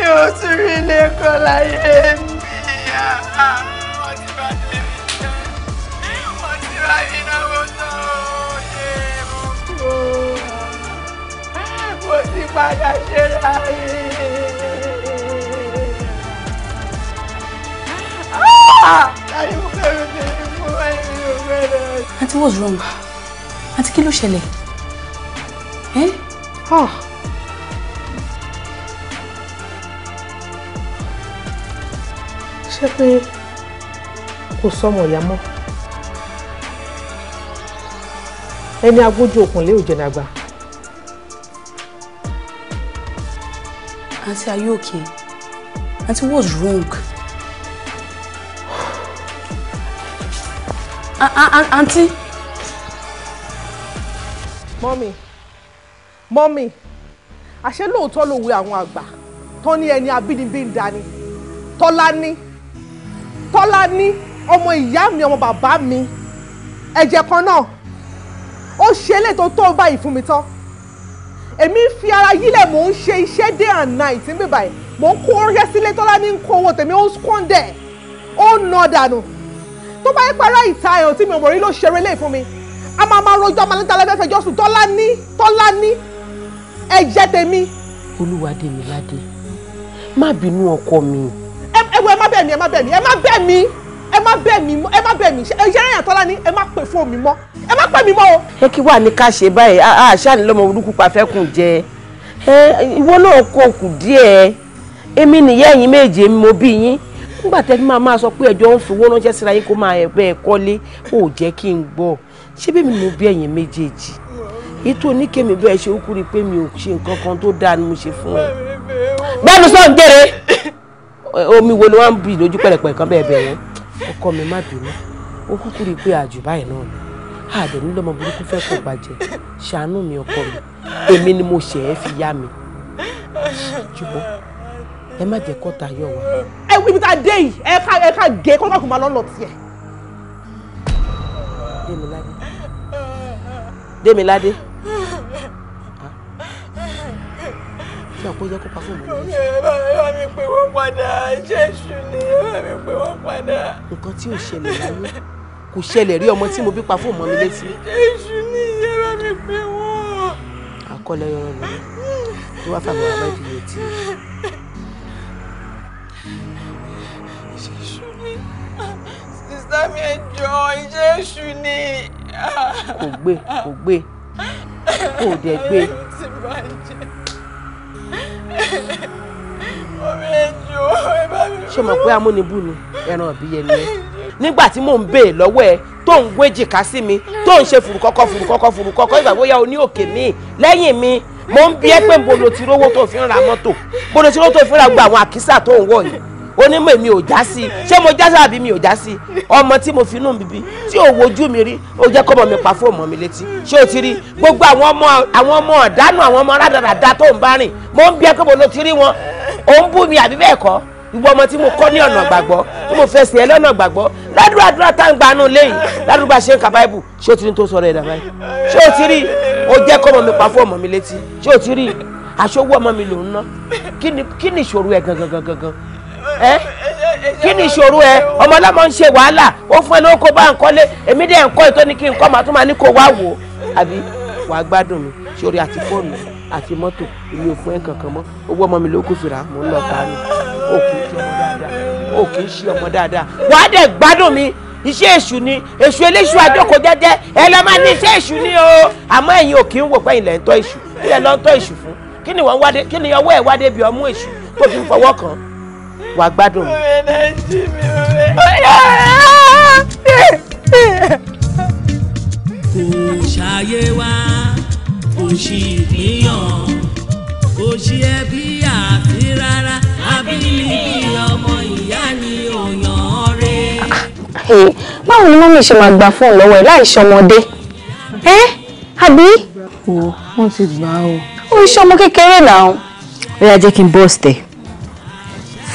mi ò tún rí ilé kan láyé mi wọ́n ah, ah, ah, what's wrong? Aunty, kí you ṣẹlẹ̀? Eh? Oh. ṣé pé kò sọmọ ìyá mọ́ ẹni agójú òkùnlé ò jẹ̀nà àgbà. Aunty, are you okay? Aunty, what's wrong? Aunty. Mọ́mì, mọ́mì, àṣé lóòótọ́ ló wé àwọn àgbà tó ní ẹni abínibí ń dání, Tọ́lá ní. Kọ́lá ní ọmọ ìyá mi ọmọ bàbá mi ẹ̀jẹ̀ kan náà ó ṣe eléyìí tó tó báyìí fún mi tán èmi ń fi ara yílẹ̀ mò ń ṣe iṣẹ́ day and night níbí báyìí mò ń kó oúnjẹ sílé tọ́lá ní kó owó tèmi ó ń squander ó ń nà dànù tó bá yẹ pẹ́rẹ́ ìta ẹ̀hàn tí mi ò mọ̀ rí ló ṣeré lé fún mi a máa máa rojọ́ máa níta lẹ́fẹ̀ẹ́ jọ́sùn tọ́lá ní tọ́lá ní ẹ̀jẹ̀ tèmi. olúwa dèmi ládé má bínú ọkọ mi ẹ wo ẹ má bẹ̀ mí ẹ má bẹ̀ mí ẹ má bẹ̀ mí ẹ má bẹ̀ mí ẹ má bẹ̀ mí ẹ̀yẹ́rẹ́ yàn tọ́lá ni ẹ má pè fún mi mọ́ ẹ má pè mí mọ́ o. ẹ kí wàá ní ká ṣe báyìí àṣà ni lọmọ olúkú pa fẹ́ kùn jẹ ẹ ìwọ náà kó kù díẹ̀ èmi nìyá ẹ̀yin méje mo bí yín nígbà tẹ́ fi máa máa sọ pé ẹjọ́ ń fowó ránṣẹ́ síra yín kó máa ẹ̀bẹ́ ẹ kọ́lé kó o jẹ́ kí n gbọ́ ṣé bí mi mo bí ẹ̀yin méjèèjì ètò oníkèmí bẹ́ẹ̀ ṣe ó kúri pé mi ò ṣe nǹkan kan tó dáa ni mo ṣe fún ẹ. bẹ́ẹ̀ ni ń jèrè omi wo ni wọ́n ń bì lójú pẹ̀lẹ̀pẹ̀ kan bẹ́ẹ̀ bẹ́ẹ̀ yẹn ọkọ mi má bínú ó kúkú rí i pé àjù báyìí náà ni àdé nílò ọmọ burúkú fẹ́ kó bàjẹ́ ṣàánú mi ọkọ mi èmi ni mo ṣẹ̀ ẹ́ fi yá mi jùbọ́ ẹ má jẹ́ kọ́ta yọ̀ wá. ẹ wí ibi tá a dé yìí ẹ ká ẹ ká gé kọ́ńtà e kò máa lọ́nà tiẹ̀. Démiládé Démiládé. gbà pé ó yẹ kó pa fóònù lórí. ẹ bá mi pè wọ́n padà jésù ni ẹ bá mi pè wọ́n padà. nǹkan tí ò ṣẹlẹ̀ láyé kò ṣẹlẹ̀ rí ọmọ tí mo bí pa fóònù mi létí. jésù ni ẹ bá mi pè wọ́n. àkọlẹ yọrọ lórí tó wá fàmì àwọn ẹbí yẹn ti. jésù ni sísá mi ẹ jọ jésù ni. kò gbé kò gbé kò dẹ̀ gbé. ti bàjẹ́ ṣe mọ̀ pé amúnibù ni ẹran ọ̀bí yẹn ni ẹ nígbà tí mò ń bèè lọ́wọ́ ẹ tó ń gbé jìká sí mi tó ń ṣe fùrùkọ́kọ́ fùrùkọ́kọ́ fùrùkọ́kọ́ ìgbà bóyá o ní òkè míì lẹ́yìn mi mò ń bi ẹ́ pé bolo ti rówó tó fi ń ra mọ́tò bolo ti rówó tó fi ń ra gbogbo àwọn àkísà tó ń wọ̀ yìí onímọ̀ èmi ò já sí ṣé mo já sábà bí mi ò já sí ọmọ tí mo fi inú mi bí tí ò wojú mi rí ó jẹ́ kọ́mọ mi pa fóònù mi létí ṣé o ti rí gbogbo àwọn ọmọ àwọn ọmọ ọ̀dánù àwọn ọmọ rádaràda tó ń bá rìn mo ń bí ẹ pé ló ti rí wọn ò ń bú mi àbí bẹ́ẹ̀ kọ́ ìwọ ọmọ tí mo kọ́ ní ọ̀nà gbàgbọ́ tí mo fẹ́ sìn ẹ́ lọ́nà gbàgbọ́ ládùúgbà àdúrà tá à ń gba inú lẹ́yìn ládùúgbà ṣe ń ka báíbù ṣé o ti rí tó sọ̀rọ̀ ẹ̀dá báyìí ṣé o ti rí o jẹ́ kọ́mọ mi pa fóònù mi létí ṣé o ti rí aṣọ owó ọmọ mi lòún ná kí ni ìṣòro ẹ̀ gangan gangan ẹ kí ni ìṣòro ẹ ọmọ ọlọ́mọ ń ṣe wàhálà ó fún ẹ ló kó bá ń kọ́lé èmi dẹ̀ ń kọ́ ètò ní kí n kọ́ màá tún máa ní kó wá wò ó àbí wàá gbádùn mi sórí àti fóònù àti mọ́tò èmi ò fún ẹ kankan mọ́ owó ọmọ mi ló kù fìrà mò ń lọ bá mi ò kì í ṣe ọmọ dáadáa ò kì í ṣe ọmọ dáadáa wàá dẹ̀ gbádùn mi iṣẹ́ èṣù ni èṣù eléṣù àjọkò jẹ́jẹ́ ẹ lọ máa ní iṣẹ́ èṣù ni o àmọ́ ẹ̀yin ò kì í wò pé ilẹ̀ ń tọ́ èṣù kí lẹ lọ ń tọ́ èṣù fún kí ni wọ́n wá wá dé ọmú èṣù tó fi ń fọwọ́ kàn án wàá gbádùn. ọ̀rẹ́ náà jí mi ọ̀rẹ́. kò ṣàyè wá kò sì níyàn kò sí ẹbí àti rárá abínibí ọmọ ìyá ni òyàn rẹ. báwo ni mọ́mí ṣe máa gba fóònù lọ́wọ́ ẹ̀ láì ṣọmọdé ẹ́ àbí. wọ́n ti gbà á o. ó ṣọmọ kékeré náà. ó yá jẹ́ kí n bọ́ọ̀sì tẹ̀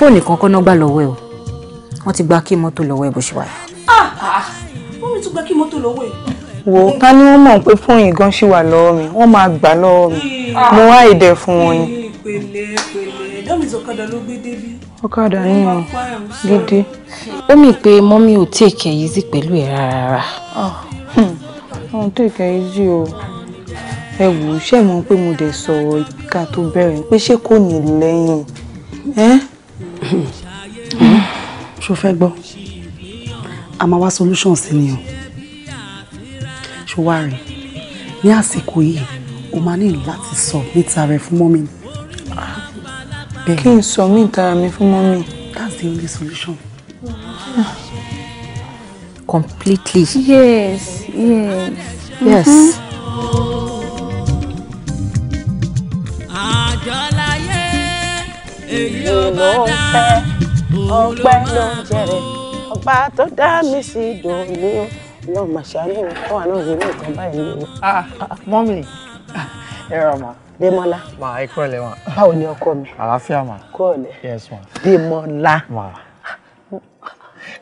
fóònù kan kọ́nà gbà lọ́wọ́ ẹ o wọ́n ti gba kí mọ́tò lọ́wọ́ ẹ bó ṣe wà. Ah, ah. wọ́n mi tún gba kí mọ́tò lọ́wọ́ ẹ. wò ó ká ní wọ́n mọ̀ pé fóònù gan ṣì wà lọ́wọ́ mi wọ́n máa gbà lọ́wọ́ mi ah. mo wá ìdẹ fún wọn ni. pẹ̀lẹ́ ló gbé débi. ọ̀kadà yín o gidi. ó mì pé mọ́mí ò take it easy pẹ̀lú ẹ̀ rárá. Hm. ọ̀hún take it easy o ẹ wò ó ṣe mọ̀ pé mo dẹ̀ sọ̀rọ̀ ìka tó bẹ̀rẹ̀ pé ṣé kò ní lẹ́yìn Hmm. ṣo fẹ́ gbọ́ a máa wá solution sí ni o ṣo wá rí ní àsìkò yìí o máa ní láti sọ níta rẹ fún mọ́mí bẹ́ẹ̀ kí n sọ mí ìtara mi fún mọ́mí that's the only solution. completely yes yes yes. Mm -hmm. èyí ò bá dá ọpẹ́ ló ń jẹrẹ ọba tó dá mi sí ìdòwòlé o lọ màṣálẹ mi fún àná yìí ní nǹkan báyìí ni o. Ah, mọ́mì ẹ rà mà. Démọ́lá. Mà á kúrọ̀lẹ́ mà. Báwo ni ọkọ mi? Àlàáfíà mà. Kúrọ̀lẹ́. Yes mà. Démọ́lá. Mà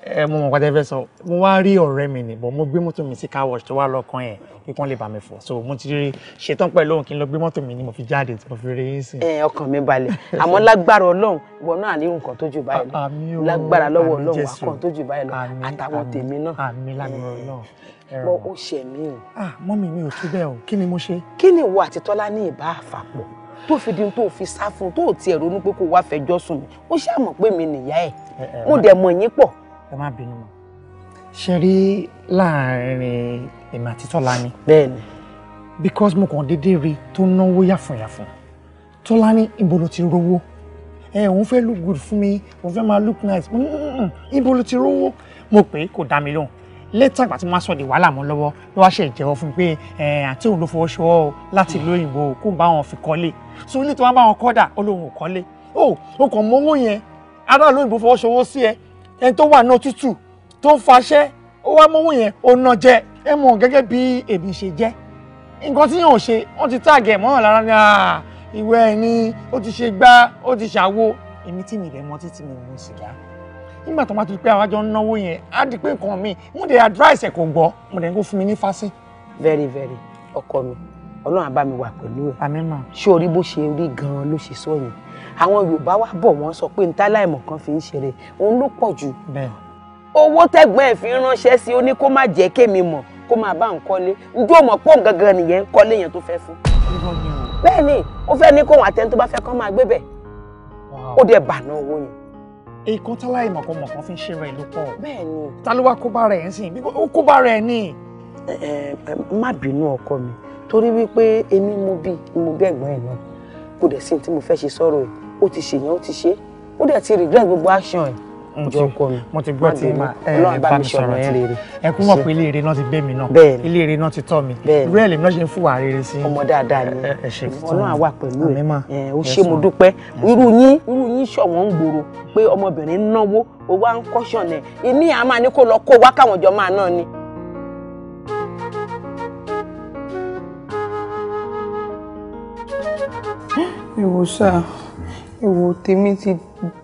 ẹ mo mọ̀ pàtẹ́ fẹ́ sọ mo wá rí ọ̀rẹ́ mi nì bọ̀ mo gbé mọ́tò mi sí car wash tó wà lọ́kàn yẹn kí wọ́n lè bá mi fọ̀ so mo ti rí ṣetán pẹ̀lú òun kí n lọ gbé mọ́tò mi ni mo fi jáde tí mo fi rí yín sìn. ẹ ọkàn mi balẹ̀ àmọ́ lágbára ọlọ́run ìwọ náà ní nǹkan tó jù báyìí lọ lágbára lọ́wọ́ ọlọ́run wà kàn tó jù báyìí lọ àtàwọn tèmi náà. àmì lágbára ọlọ́run mo ó ṣe mí o. ah mọ́mì mi ò tún bẹ́ẹ̀ o kí ni mo ṣe. kí ni ìwọ àti Tọ́lá ní ìbá àfàpọ̀ tó fi di tó fi sá fún tó tiẹ̀ ronú pé kó wá fẹjọ́ sùn mi ó ṣàmọ̀ pé mi nìyá ẹ̀ mo dẹ̀ mọ̀ yín pọ̀ ẹ má bínú mọ́ ṣe rí láàárín èmi àti Tọ́lání. bẹ́ẹ̀ni. because mo kàn déédéé rí tó náwó yàfùnyàfùn Tọ́lání ibo ló ti rówó ẹ òun fẹ́ look good fún mi òun fẹ́ máa look nice mm, mm, mm. ibo ló ti rówó mo pè é kò dá mi lóhùn lẹ́tà àgbà tí wọ́n á sọ di wàhálà mọ́ lọ́wọ́ ló wá ṣe ìjẹ́wọ́ fún pé àti òun ló fowó ṣọwọ́ o láti ìlú òyìnbó kó bá wọn fi kọ́lé so ilé tí wọ́n bá wọn kọ́ dà ó lóun ò kọ́lé oh, o kàn mọ yẹn ará òyìnbó fowó ṣọwọ́ sí ẹ ẹni tó wà ní òtútù tó ń faṣẹ́ ó wá mọ́wọ́ yẹn ó ná jẹ ẹ mọ̀ gẹ́gẹ́ bí èmi ṣe jẹ́ nǹkan tí yóò ṣe wọ́n ti tààgẹ̀ mọ́ràn lára ní ìwé ẹni ó ti ṣe gbá ó ti ṣàwo èmi tí mi rẹ̀ mọ́ títí mi mú sìgá nígbà tó máa ti pé àwọn àjọ ń náwó yẹn á di pé nǹkan mi mo dé advice ẹ̀ kò gbọ́ mo dẹ̀ ń kó fún mi ní fásí. very very ọkọ mi Ọlọ́run á bá mi wà pẹ̀lú ẹ̀. àmín mà. ṣé orí bó ṣe rí gan-an ló ṣe sọ yẹn àwọn yorùbá wa bọ̀ wọ́n sọ pé níta láìmọ̀ kan fi ń ṣeré òun ló pọ̀ jù owó tẹ́gbọ́n ẹ̀ fi ránṣẹ́ sí ó ní kó má jẹ́ kémi mọ̀ kó máa bá ń kọ́lé ojú ò mọ̀ pọ̀ gangan nìyẹn kọ́lé yẹn tó fẹ́ fún bẹ́ẹ̀ ni ó fẹ́ ní kóhun àtẹni tó bá fẹ́ kán máa gbé bẹ̀ ó dẹ̀ bàná owó yẹn. èkó táláì mọ̀kànmọ̀ kan fi ń ṣe rẹ̀ ló pọ̀ bẹ́ẹ̀ ni ta ló wá kó bá rẹ̀ ń sìn ó kó bá rẹ̀ ní. má bínú ọkọ mi torí wípé èmi mo bí mo bí ẹ̀gbọ́n ẹ̀ náà kò dẹ̀ sí ní tí mo fẹ́ ṣe sọ̀rọ̀ yìí ó ti ṣèyàn ó ti ṣe ó dẹ̀ ti regret gbogbo action ẹ̀ ìjọ ọkọ mi mo ti gbọ́ tí ẹ bá mi sọ̀rọ̀ yẹn rere ẹ kún mọ̀ pé ilé ire náà ti gbé mi náà ilé ire náà ti tọ́ mi irú lèmi náà ṣe ń fún rere sí i ọmọ dáadáa ni ọlọ́run àwa pẹ̀lú ẹ ó ṣe mo dúpẹ́ irú yín irú yín ṣọ̀wọ́n ń gbòòrò pé ọmọbìnrin náwó ó wá ń kọ́ṣọ̀nà ẹ̀ ní àá máa ní kó lọ kó wá káwọn jọ máa náà ni. ìwòsàn. ẹ temi tèmi ti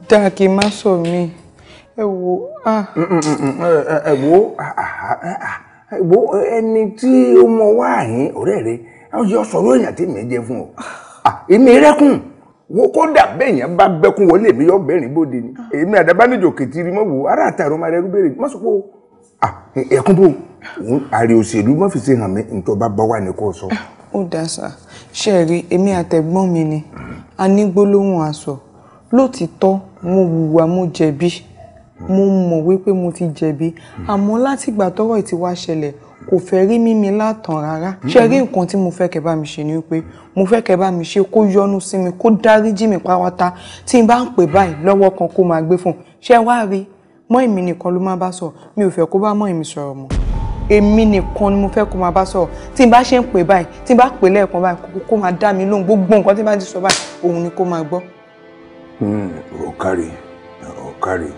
dáa kí n sọ ah ẹ ah ah ah ẹ ah, ah. wo ẹni tí ó mọ wá àyín ọ̀rẹ́ rẹ àwọn yóò sọ̀rọ̀ èèyàn ọ emi ah, rẹ́kùn wo kódà bẹ́ẹ̀ yẹn bá bẹ́kún wọlé mi yọ bẹ́ẹ̀rín ni ara àtàrọ̀ máa rẹ́rú ah mọ́ sọ́kò ẹ̀kún bò àrè òṣèlú mọ́fìsì hàn ṣe rí èmi àtẹ̀gbọ́n mi ni a ní gbólóhùn àsọ lótìítọ́ mo hùwà mo jẹ̀bi mo mọ̀ wípé mo ti jẹ̀bi àmọ́ látìgbà tọ́rọ̀ ti wá ṣẹlẹ̀ kò fẹ́ rí mímí látàn rárá ṣe rí nǹkan tí mo fẹ́ kẹ́ bá mi ṣe ni wípé mo fẹ́ kẹ́ bá mi ṣe kó yọ́nú sí mi kó dáríjì mi pátápátá tí n bá ń pè báyìí lọ́wọ́ kan kó máa gbé fún ṣe wá rí mọ́ èmi nìkan ló má bá sọ mi ò fẹ́ kó bá mọ́ èmi sọ̀rọ̀ mọ́ èmi nìkan ni mo fẹ́ kó máa bá sọ̀rọ̀ tí n bá ṣe ń pè báyìí tí n bá pè lẹ́ẹ̀kan báyìí kò kó máa dá mi lóhùn gbogbo nǹkan tí n bá ti sọ báyìí òun ni kó máa gbọ́. Hmm, ọ̀kàrẹ̀ ọ̀kàrẹ̀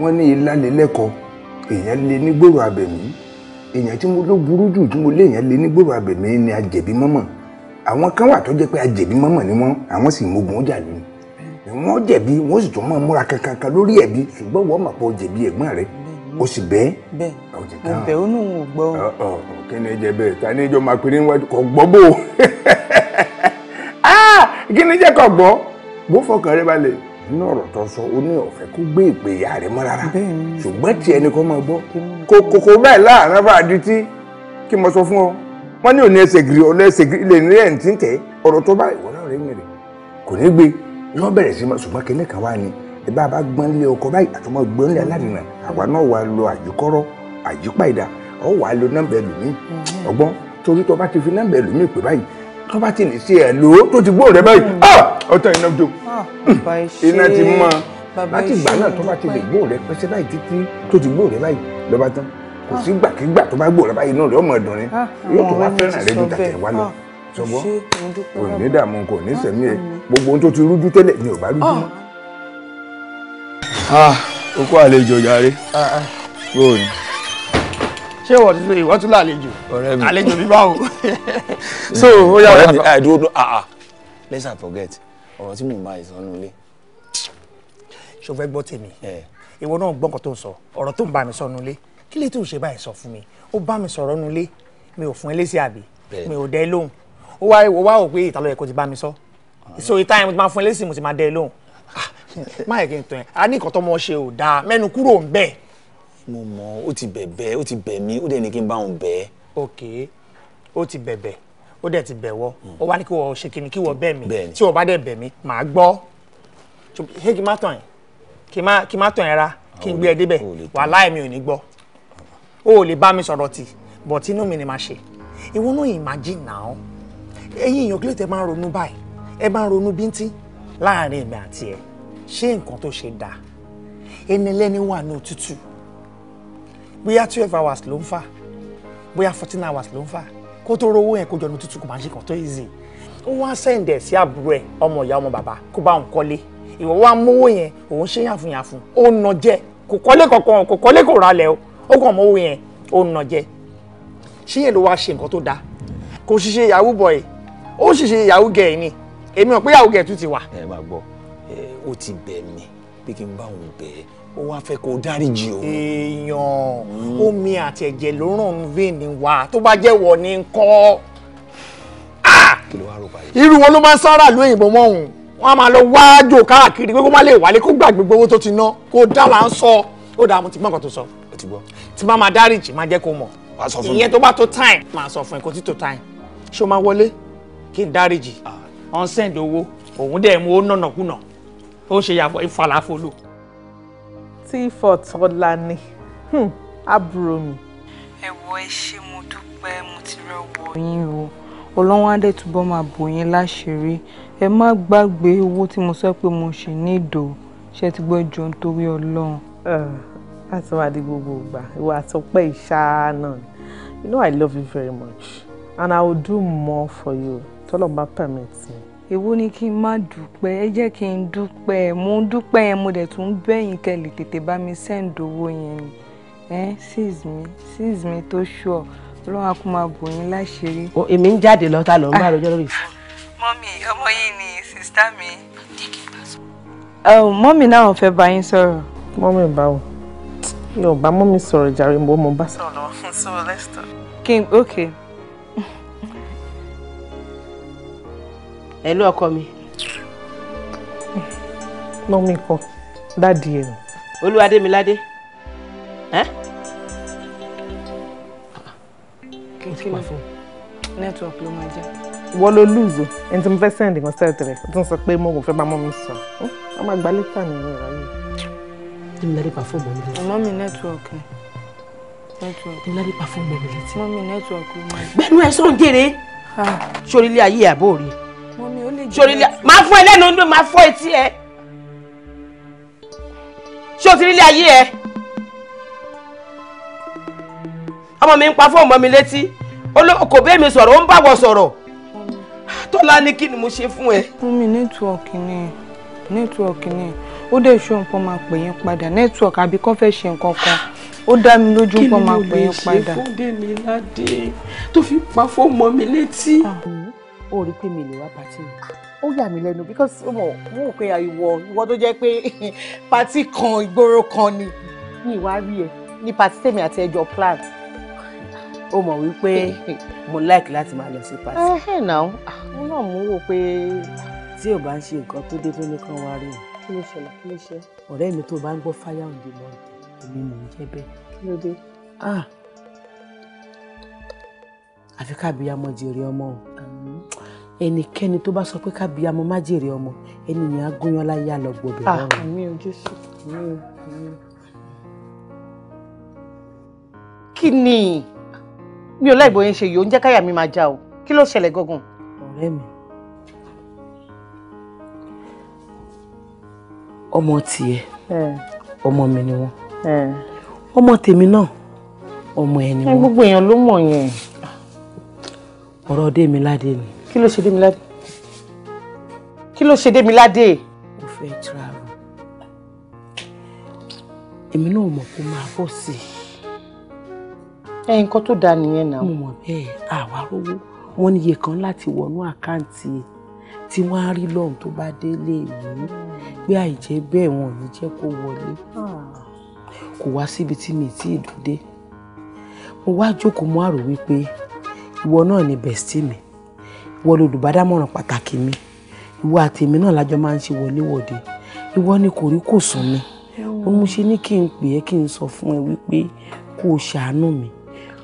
wọ́n ní ilá lélẹ́kọ̀ọ́ èèyàn lè ní gbòòrò abẹ̀mí èèyàn tí mo ló burú jù tí mo lé èèyàn lè ní gbòòrò abẹ̀mí ni ajẹ̀bí mọ́mọ́ àwọn kan wà tó jẹ́ pé ajẹ̀bí mọ́mọ́ ni wọ́n àwọn sì mogun ọjà lónìí wọ́n jẹ̀bi wọ́n sì tún máa múra kankan lórí ẹ̀bi ṣùgbọ́n wọ́n mọ̀ pé ó jẹ̀bi ẹ̀gbọ́n rẹ̀ Mm-hmm. o sì bẹ́ẹ̀. bẹ́ẹ̀ mo bẹ̀ ó lóun ò gbọ́. kí ni jẹ bẹ́ẹ̀ ta ni ìjọ máa pinnu níwájú kò gbọ́ bò *laughs* ah! kí ni jẹ́ kò gbọ́ bó fọkàn rẹ balẹ̀ nínú ọ̀rọ̀ tó sọ ó ní ọ̀fẹ́ kó gbé ìpèyà rẹ mọ́ rárá ṣùgbọ́n tí ẹnì kan máa gbọ́ kò kòkó báyìí láàárín afárá di tí kí mo sọ fún ọ wọn ní òní ẹsẹ̀ gírí ọ̀lẹ́ ẹsẹ̀ gírí ilé ní ẹ̀ ń tí ń tẹ̀ ọ̀rọ̀ tó báyìí wọ́n náà rẹ̀ ń rẹ̀ kò ní gbé yọ bẹ̀rẹ̀ sí ma ṣùgbọ́n kẹ́lẹ́ kan wá ni ìbá bá gbọ́n lé ọkọ báyìí àtọmọ gbọ́n lé aládìrìnà àwa náà wà lọ àyíkọ́rọ́ àyípa ìdá ọ wà lọ nọ́mbà ẹlòmíì mm-hmm. ọgbọ́n torí tó bá ti fi nọ́mbà ẹlòmíì pè báyìí tó bá ti lè ṣe ẹ̀ lò ó tó ti gbó rẹ báyìí mm. ah! ọtọ iná jó ah, hmm. iná ti mọ láti ìgbà náà tó bá ti lè gbó rẹ pẹ́sẹ́ báyìí títí tó ti gbó rẹ báyìí lọ́ba tán kò sí ah. gbàkigbà tó bá gbó rẹ báyìí náà rẹ ọmọ ẹ̀dùn rẹ yóò tó wá fẹ́ràn rẹ ju tàtẹ̀ wá lọ sọgbọ́n kò ní dààmú kò ní sẹ̀mí ẹ gbogbo ohun tó ti rújú tẹ́lẹ̀ ni ò bá rújú mọ́ ó ah, kó àlejò jàre ah, ah. bóò ni. ṣé ìwọ tún ìwọ tún lálejò àlejò bí báwo. *laughs* so ó yà wọ́n. ọ̀rẹ́ mi dúró dún ah ah let's not forget ọ̀rọ̀ tí mò ń bá ìsọnù ilé. ṣé o fẹ́ gbọ́ tèmi ìwọ náà gbọ́ nǹkan tó ń sọ ọ̀rọ̀ tó ń bá mi sọnù ilé kí lè tó ṣe báyìí sọ fún mi ó bá mi sọ̀rọ̀ nu ilé mi ò fún ẹ lésì àbí mi ò dẹ́ lóhùn ó wá wò pé ìtàlọ́ yẹ ti bá mi sọ so ìta yẹn mo ti máa fún ẹ lésì mo ti má yẹ kí n tọ́ yẹn a ní ìkọ́tọ́ mọ́ ṣe ò dáa mẹ́nu kúrò ń bẹ̀. mo mọ ó ti bẹ̀bẹ̀ ó ti bẹ̀ mí ó dẹ̀ ní kí n bá òun bẹ̀. ok ó ti bẹ̀bẹ̀ o dẹ̀ ti bẹ̀wọ́ hmm. ó wá ní kí wọ́n ṣe kíni kí wọ́n bẹ̀ mí tí wọ́n bá dẹ̀ bẹ̀ mí màá gbọ́ ṣé kí n má tàn yẹn kí n má tàn yẹn ra kí n gbé ẹ débẹ̀ wàhálà mi ò ní gbọ́ o ò lè bá mi sọ̀rọ̀ tì but inú mi ni màá ṣe ìwọ náà imagine now ẹ̀yin èèyàn kílẹ̀ tẹ máa ń ronú báyìí ẹ máa ń ronú bíntín láàrin èmi àti ẹ̀ ṣé nǹkan tó ṣe dáa ẹni lẹ́ni wà ní òtútù bóyá twelve hours ló ń fà bóyá fourteen hours ló ń fà kó tó rówó yẹn kó jọ ní òtútù kò máa ṣe kàn tó easy ó wá sẹ́ǹdẹ̀ sí àbúrò ẹ̀ ọmọ ìyá ọmọ bàbá kó bá òun kọ́lé ìwọ wá mówó yẹn òun ṣe yàfùnyàfùn ó nà jẹ kò kọ́lé kankan kò kọ́lé kò ralẹ̀ o ó kàn mówó yẹn ó nà jẹ ṣé yẹn ló wá ṣe nǹkan tó dáa kò ṣiṣẹ́ yahoo boy ó ṣiṣẹ́ yahoo girl ni èmi ò pé yahoo girl tún ti wà. ẹ máa gbọ́ ó ti bẹ̀ mí pé kí n bá òun bẹ̀ ẹ́ ó wá fẹ́ kó o dáríjì òun. èèyàn omi àti ẹ̀jẹ̀ ló ràn ń vèèni wá tó bá jẹ́ wọ̀ ni ńkọ́. Ah! irú wọn ló máa ń sára ìlú òyìnbó mọ́ òun wọn a máa lọ wáájò káàkiri pé kó má lè wálé kó gbàgbé gbowó tó ti ná kó dá là ń sọ ó dáa mo ti gbọ́ nǹkan tó sọ tí bá máa dáríjì máa jẹ́ kó mọ̀ ìyẹn tó bá tó time máa sọ fún ẹ kó tí tó o máa wọlé kí n ó ṣe yàgò ìfàlàfolò. tí fọ̀tọ́lá ni hmm, àbúrò mi. ẹ wọ ẹ ṣé mo dúpẹ́ mo ti rọ̀wọ̀ yín o ọlọ́wọ́n á dẹ̀ túbọ̀ máa bò yín láṣìírí ẹ má gbàgbé owó tí mo sọ pé mo ṣì ní ìdò ṣe ti gbọ́ jọ nítorí ọlọ́run. láti wá di gbogbo ìgbà ìwà àtọpẹ́ ìṣáá náà you know i love you very much and i will do more for you tọ́lọ́mọba permit me èwo ni kí n má dúpẹ́ ẹ jẹ́ kí n dúpẹ́ mo ń dúpẹ́ yẹn mo dẹ̀ tún bẹ̀yìn kẹ́ lè tètè bá mi send owó yẹn ni ẹ́n sis mi sis mi tó ṣùọ́ ọlọ́run á máa bò yín láṣìírí. èmi ń jáde lọ ta ló ń bá àròjọ ah. lórí. mọ́mì ọmọ yìí ni sista mi. Oh, mọ́mì náà fẹ́ bá yín sọ̀rọ̀. mọ́mì báwo yóò bá mọ́mì sọ̀rọ̀ jàre mo bá sọ̀rọ̀ lọ́wọ́ fún sọ́wọ́ lẹ́sítọ̀. okay. ẹ ló ọkọ mi. mọ́mí kọ dáàdi ẹ̀ nù. olúwadémiládé ẹ́. kí ló network ló máa já. wọ́n ló lùzò ẹni tí mo fẹ́ sẹ́ndì kan sẹ́ẹ̀tì rẹ̀ tó ń sọ pé mo kò fẹ́ bá mọ́mí sọ ọ máa gba lẹ́tà nínú ìrọ̀ yìí. Demilade perform mọ́mí létí. mọ́mí network ni. Demilade perform mọ́mí létí. mọ́mí network ló máa. gbẹ́nu ẹ̀ sọ̀rọ̀ jèrè. sórí ilé ayé àbó rí i mọ́mí ó lè jẹ́ sórí ilé máa fọ́ ẹlẹ́nu ló máa fọ́ etí ẹ ṣé o ti rí ilé ayé ẹ ọmọ mi ń pa fóònù mọ́ mi létí kò bẹ́ẹ̀ mi sọ̀rọ̀ ó ń bàwọ̀ sọ̀rọ̀ tọ́lá ní kí ni mo ṣe fún ẹ. fún mi nẹ́tíwọ̀kì ni nẹ́tíwọ̀kì ni ó dẹ̀ ṣó nǹkan máa pè yín padà nẹ́tíwọ̀kì àbí kọ́ fẹ́ ṣe nǹkan kan ó dá mi lójú nǹkan máa pè yín padà. kí ni mo lè ṣe fún Dèmíládé tó fi pa fóònù mọ́ mi létí. Ah ó rí pé mi lè wá pàtí mi ó yà mí lẹ́nu because ó mọ̀ mo rò pé ìwọ ìwọ tó jẹ́ pé *laughs* pàtí kan ìgboro kan ni ní ìwà rí ẹ ní pàtí tèmi àti ẹjọ́ plan ó mọ̀ wípé *laughs* mo like láti máa lọ sí pàtí. ẹ̀hẹ̀ náà ah, mo náà mo wò pé tí ò bá ń ṣe nǹkan tó dé tó ní kán wá rí o. kí ló ṣẹlẹ̀ kí ló ṣe. ọ̀rẹ́ mi tó bá ń gbọ́ fáyà òǹdè mọ́tò èmi mò ń jẹ́ bẹ́ẹ̀. kí ló dé. Ah! àfi kábíyá mọ jèrè ọmọ o. Ah ẹnikẹ́ni tó bá sọ pé ká bí amọ má jèrè ọmọ ẹni yẹn á gúnyán láyé àlọ́gbọ̀ bẹ̀rẹ̀ kí ni mi ò láìbò yẹn ṣe yòó ń jẹ́ káyà mi máa já o kí ló ṣẹlẹ̀ gangan. ọ̀rẹ́ mi ọmọ tiẹ̀ ọmọ mi ni wọ́n ọmọ tèmi náà ọmọ ẹ ni wọ́n. gbogbo èèyàn ló mọ̀ yẹn. ọ̀rọ̀ Dẹ́miládé ni kí ló ṣe Démiládé kí ló ṣe Démiládé. mo fẹ́ travel èmi náà mọ̀ kó máa bọ̀ sí i. ẹ nǹkan tó dáa nìyẹn náà. mo mọ̀ bẹ́ẹ̀ àwa rówó wọ́n ní iye kan láti wọnú àkáǹtì tí wọ́n á rí lọ́hùn tó bá délé ìlú pé àìjẹ́ bẹ́ẹ̀ wọn ò ní jẹ́ kó wọlé kò wá síbi tí mi ti dùn dé mo wá jókòó mo àrò wípé ìwọ náà ni bẹ̀stì mi wọ́n lolùbádámọ̀ràn pàtàkì mi ìwọ àti èmi náà lájọ máa ń ṣe wọléwọ̀de ìwọ ni kò rí kò sùn mi ó mú ṣe ní kí n pè é kí n sọ fún ẹ wípé kó o ṣàánú mi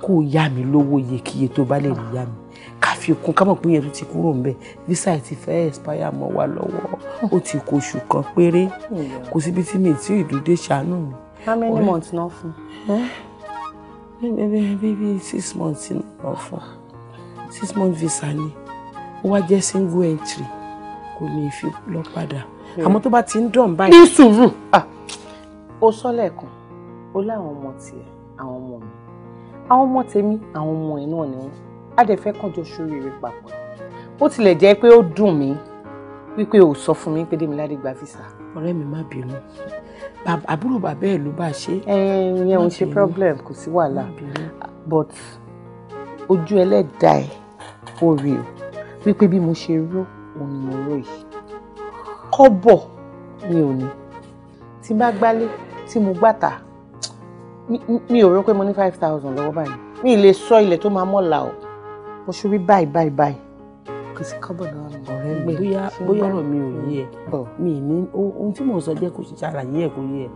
kó o yá mi lówó iyekíye tó bá lè rí yá mi ká fi kún ká mọ̀ pé yẹn tó ti kúrò ńbẹ̀ visa ti fẹ́ expire mọ́ wa lọ́wọ́ ó ti kó oṣù kan péré kò síbi tí mi tí ìdúdé ṣàánú mi. how many months náà fún. bíbí six months náà fún six months visa ni ó wá jẹ́ single entry kò ní fi lọ padà hmm. àmọ́ tó bá ti ń dàn báyìí. ní sùúrù ó ah. sọ lẹ́ẹ̀kan ó láwọn ọmọ tiẹ̀ àwọn ọmọ mi àwọn ọmọ tèmi àwọn ọmọ ẹ̀ náà ni wọ́n á dẹ̀ fẹ́ kàn jọ ṣoríire papọ̀ ó tilẹ̀ jẹ́ pé ó dùn mí wípé ò sọ fún mi pé Démiládé gba visa. ọ̀rẹ́ mi má bínú àbúrò bàbá ẹ̀ ló bá ṣe. ìyẹn ò ń ṣe problem kò sí wàhálà but ojú ẹlẹ́dàá ẹ̀ ó rí o wípé bí mo ṣe ró òun mo ró yìí kọ́bọ̀ mi ò ní tí bá gbálé tí mo gbàtà mi ò rò pé mo ní five thousand lọ́wọ́ báyìí mi lè sọ ilẹ̀ tó máa mọ̀la o mo ṣubí báyìí báyìí báyìí kò sí kọ́bọ̀ náà mi. ọ̀rẹ́ gbé bóyá bóyá ọ̀rọ̀ mi ò yé ẹ mi ní ohun tí mò sọ jẹ́ kó ṣàlàyé ẹ̀ kó yé ẹ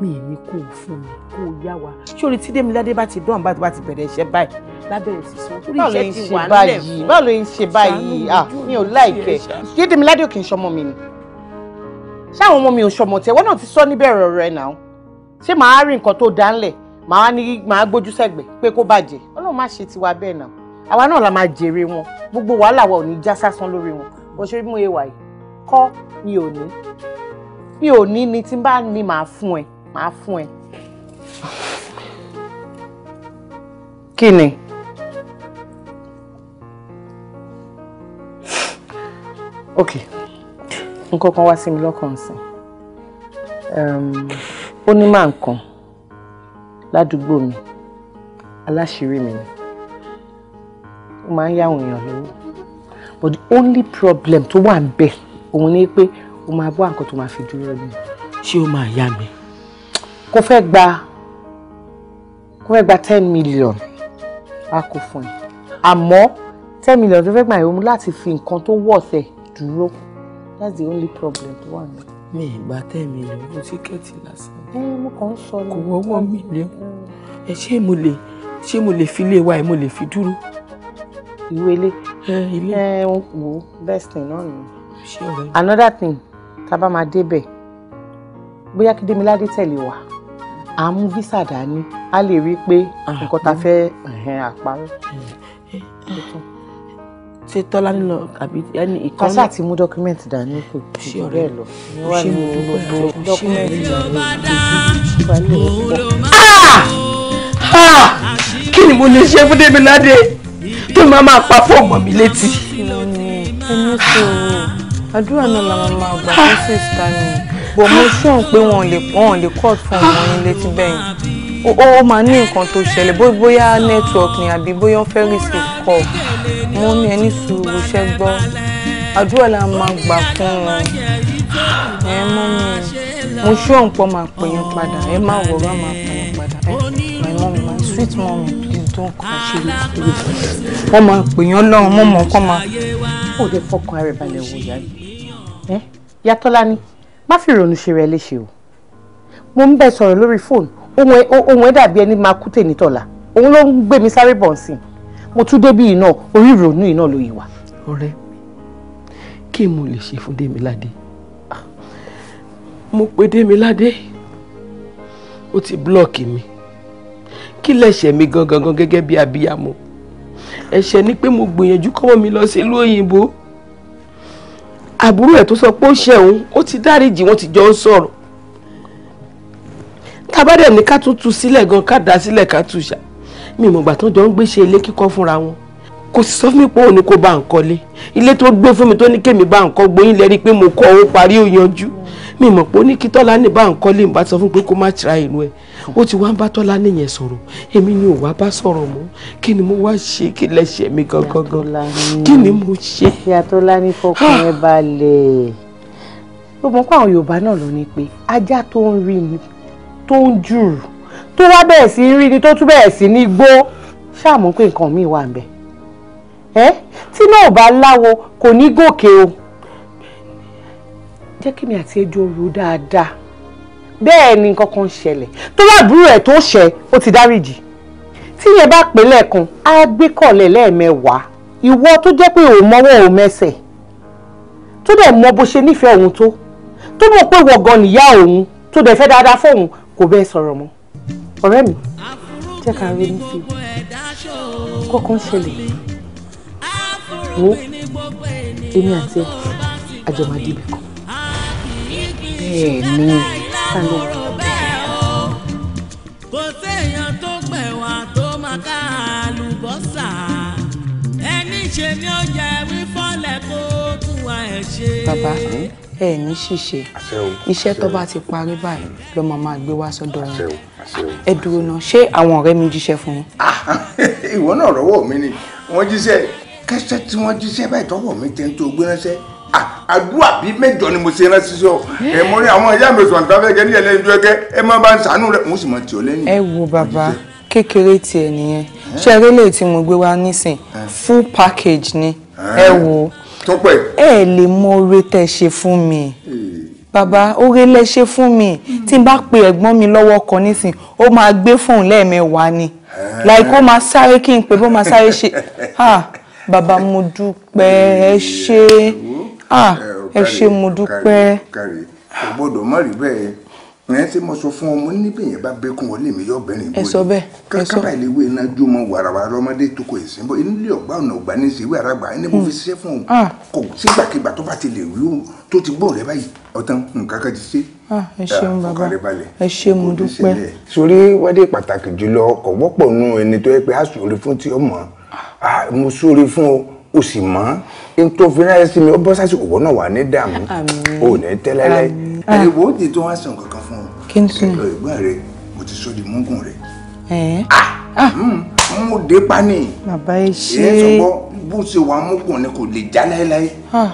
mi ni kó o fún mi kó o yá wa sórí tí Démiládé bá ti dán bá ti bá ti bẹ̀rẹ̀ iṣẹ́ báyìí lábẹ́rẹ́ sì sọ torí iṣẹ́ ti wà nílẹ̀ fún báwo ló ṣe báyìí ah mi ò láìkẹ́ ṣé Démiládé ò kì í ṣọmọ mi ni ṣé ọmọ mi ò ṣọmọ tẹ wọn náà ti sọ níbẹ̀rẹ̀ ọ̀rọ̀ ẹ̀ náà ṣé màá rí nǹkan tó dánlẹ̀ màá ní màá gbójú sẹ́gbẹ̀ pé kó bàjẹ́ ọlọ́run má ṣe tiwa bẹ́ẹ̀ náà àwa náà la máa jèrè wọn gbogbo wàhálà wa ò ní já sásán lórí wọn bó ṣe mú ewa yìí kọ́ mi ò ní mi ò ní ni tí n bá ní màá fún ẹ màá fún ẹ. kí ni. ok nǹkan kan wá sí mi lọ́kàn sí ó ní máa nǹkan ládùúgbò mi aláṣírí mi ni ó máa ń yá àwọn èèyàn lówó but the only problem tó wà ń bẹ̀ òun ni pé ó máa bọ́ àǹkan tó máa fi dúró ní ṣé ó máa yá mi kò fẹ́ gba kò fẹ́ gba ten million a kò fún ẹ àmọ́ ten million tó fẹ́ gbà yẹn mú láti fi nǹkan tó wọ̀ ọ̀sẹ̀ dúró that's the only problem tó wà ní. mi ìgbà ten million mo tíkẹ́ẹ̀tì lásán. ẹ mo kàn ń sọ ni. kò wọ́wọ́ mílíọ̀n ẹ ṣé mo lè ṣé mo lè fi ilé wa ẹ mo lè fi dúró. ìwé ilé ẹ ẹ wò best thing náà nìyẹn. another thing tá a bá máa débẹ̀ bóyá kí Démiládé tẹ̀lé wa à ń mú visa dání a lè rí i pé ah, nǹkan ta fẹ́ àparọ́. ṣé tọ́lá ń lọ àbí ẹni ìkọ́ náà. kásá ti mú dọ́kúmẹ̀ntì dání kò ju bẹ́ẹ̀ lọ. ṣé mo dúpẹ́ dọ́kúmẹ̀ntì dání kí ni mo lè ṣe fún débi ládé tó máa máa pa fóònù mi létí. ẹni sọ̀rọ̀ àdúrà náà làwọn máa gbà fún sísá mi bọ̀ mo ṣùn pé wọn lè wọn lè cut fún ọmọ yín létí bẹ́yìn ó máa ní nǹkan tó ṣẹlẹ̀ bóyá network ni àbí bóyá wọ́n fẹ́ receive call mo ní ẹni sùúrù ṣẹ́ gbọ́ àdúrà la máa gbà fún wọn ẹ mọ́ mi mo ṣùn pọ̀ máa pè yín padà ẹ má wọ̀rọ̀ máa pè yín padà ẹ my mom my sweet mom please don't come she will stay wọ́n máa pè yín ọlọ́run mọ́ mọ́ kọ́ máa. ó lè fọkàn rẹ̀ balẹ̀ wò yá yìí má fi ìrònú ṣe rẹ léṣe o mo ń bẹ sọ̀rọ̀ lórí fóònù ohun ẹ̀ dàbí ẹni máa kú tèmi tọ̀la òun ló ń gbé mi sáré bọ̀ sí mo tún débí iná orí ìrònú iná ló yìí wà. ọ̀rẹ́ kí mo lè ṣe fún Démiládé mo pe Démiládé O ti búlọ̀kì mi kí lẹ̀ṣẹ̀ mi gangan gẹ́gẹ́ bí abiyamọ ẹ̀ṣẹ̀ ni pé mo gbìyànjú kọ́mọ mi lọ sí òyìnbó àbúrò ẹ̀ tó sọ pé ó ṣẹ̀hún ó ti dáríjì wọ́n ti jọ ń sọ̀rọ̀ tábàdẹ̀ ní ká tún tu sílẹ̀ gan ká dá sílẹ̀ ká tù ṣá mi ìmọ̀gbà tó jọ ń gbéṣe ilé kíkọ́ fúnra wọn kò sì sọ fún mi pé òun ni kò bá ń kọ́lé ilé tó gbé fún mi tó ní kémi bá ń gbóyún lẹ́rí pé mo kọ́ òun parí òyanjú mi mọ̀ pé ó ní kí tọ́lá ní bá ń kọ́lé ń bá sọ fún pé kó má tira ìlú ẹ̀ ó ti wá ń bá tọ́lá níyẹn sọ̀rọ̀ èmi ni ò wá bá sọ̀rọ̀ mọ́ kí ni mo wá ṣe kí lẹ́sẹ̀ mi gangan kí ni mo ṣe. ìyá tọ́lá ní fọkàn ah! ẹ balẹ̀ ó mọ̀ pé àwọn Yorùbá náà ló ní pé ajá tó ń rí ni tó ń jùrù tó wá bẹ̀rẹ̀ sí rí ni tó tún bẹ̀rẹ̀ sí ní gbó ṣáà mọ̀ pé nǹkan míì wà ń bẹ̀ ẹ́ tí náà ò bá láwo kò ní gòkè o jẹ́ kí mi àti ẹjọ́ rò dáadáa bẹ́ẹ̀ ni nǹkan kan ṣẹlẹ̀ tó wà àbúrò ẹ̀ tó ṣẹ ó ti dáríjì tí yẹn bá pè lẹ́ẹ̀kan á gbé kọ̀lẹ̀ lẹ́ẹ̀mẹwàá ìwọ tó jẹ́ pé òun mọ́wọ́ òun mẹ́sẹ̀ tó dẹ̀ mọ bó ṣe nífẹ̀ẹ́ òun tó tó mọ̀ pé wọ̀gàn nìyá òun tó dẹ̀ fẹ́ dáadáa fóun kò bẹ́ẹ̀ sọ̀rọ̀ mọ́ ọ̀rẹ́ mi jẹ́ ká rí ní sí i kọ́kọ́ ṣẹlẹ̀ wo èmi àti àjọmọ̀dé ibì kan ẹ ní sálọ. ni ó jẹ wífọ́lẹ̀ kó tún wa ẹ̀ ṣe. bàbá ẹ ní ṣìṣe iṣẹ́ tó bá ti parí báyìí ló máa máa gbé wá sọ́dọ̀ yẹn ẹ dúró náà ṣé àwọn ọ̀rẹ́ mi jíṣẹ́ fún yín. Ah, *laughs* ìwọ náà rọ́wọ́ mi ni wọ́n jíṣẹ́ kẹsẹ tí wọ́n jíṣẹ́ báyìí tọ́wọ́ mi tẹ ń tó gbé ránṣẹ́ Ah, àdúrà bíi mẹ́jọ ni mo ṣe rán ṣiṣẹ́ ọ ẹ mọ ní àwọn ìyá mi sọ̀rọ̀ tàbí ẹgẹ ní ẹlẹ́yinjú ẹgẹ ẹ má bá ń ṣàánú rẹ mo sì mọ tì ọ lẹ́yìn. ẹ wo bàbá kékeré tiẹ̀ nìyẹn ṣé eré tí mo gbé wá nísìn full package ni ẹ wo ẹ lè mọ oore tẹ́ ṣe fún mi bàbá oore lẹ ṣe fún mi hmm. tí n bá pe ẹ̀gbọ́n mi lọ́wọ́ kan nísìn ó máa gbé fóun lẹ́ẹ̀mẹ́wàá ni like ó máa sáré kí n pè bó máa sáré ṣe *laughs* bàbá mo dúpẹ́ ẹ ṣé. Ah, ah, ẹ ṣe mo dúpẹ́. kàrí kò gbọ́dọ̀ má rí bẹ́ẹ̀ ẹ ṣe mo sọ fún ọmọ níbẹ̀ yẹn bá bẹ́kún wọlé mi yọ̀bẹ̀rin bóyá ẹ sọ bẹ́ẹ̀ ẹ sọ kábàá ìléwé iná jó mọ wàràwàrà lọ́mọdé tó kọ ìsìn bọ́ inú ilé ọ̀gbá ọ̀nà ọ̀gbá ní ìṣèwé àràgbà ẹni mo fi mm. ṣiṣẹ́ fún un ah. kò sígbàkigbà tó bá ti lè rí tó ti gbọ́ rẹ báyìí ọ̀tán nǹkan kan ti ṣe ẹ ṣeun bàbá ẹ ṣe mo dúpẹ́. sórí wádìí pàtàkì jùlọ ọkọ̀ wọ́pọ̀ nù ẹni tó yẹ pé a sóore fún tí ọmọ mo sóore fún o o sì mọ n tó fi ránṣẹ́ sí mi ó bọ́ sásìkò wọn náà wà ní dààmú o ò ní tẹ́ láíláí. àdìbò ó di tó wá sàn kankan fún ọ kí n sùn lọ ìgbà rẹ mo ti sọ di mọ́gùn rẹ. Ah! Ah! Hmm, mo dé pani. bàbá yìí ṣe é sọ bó ṣe wà mọ́gùn ni kò lè já láíláí. Ah!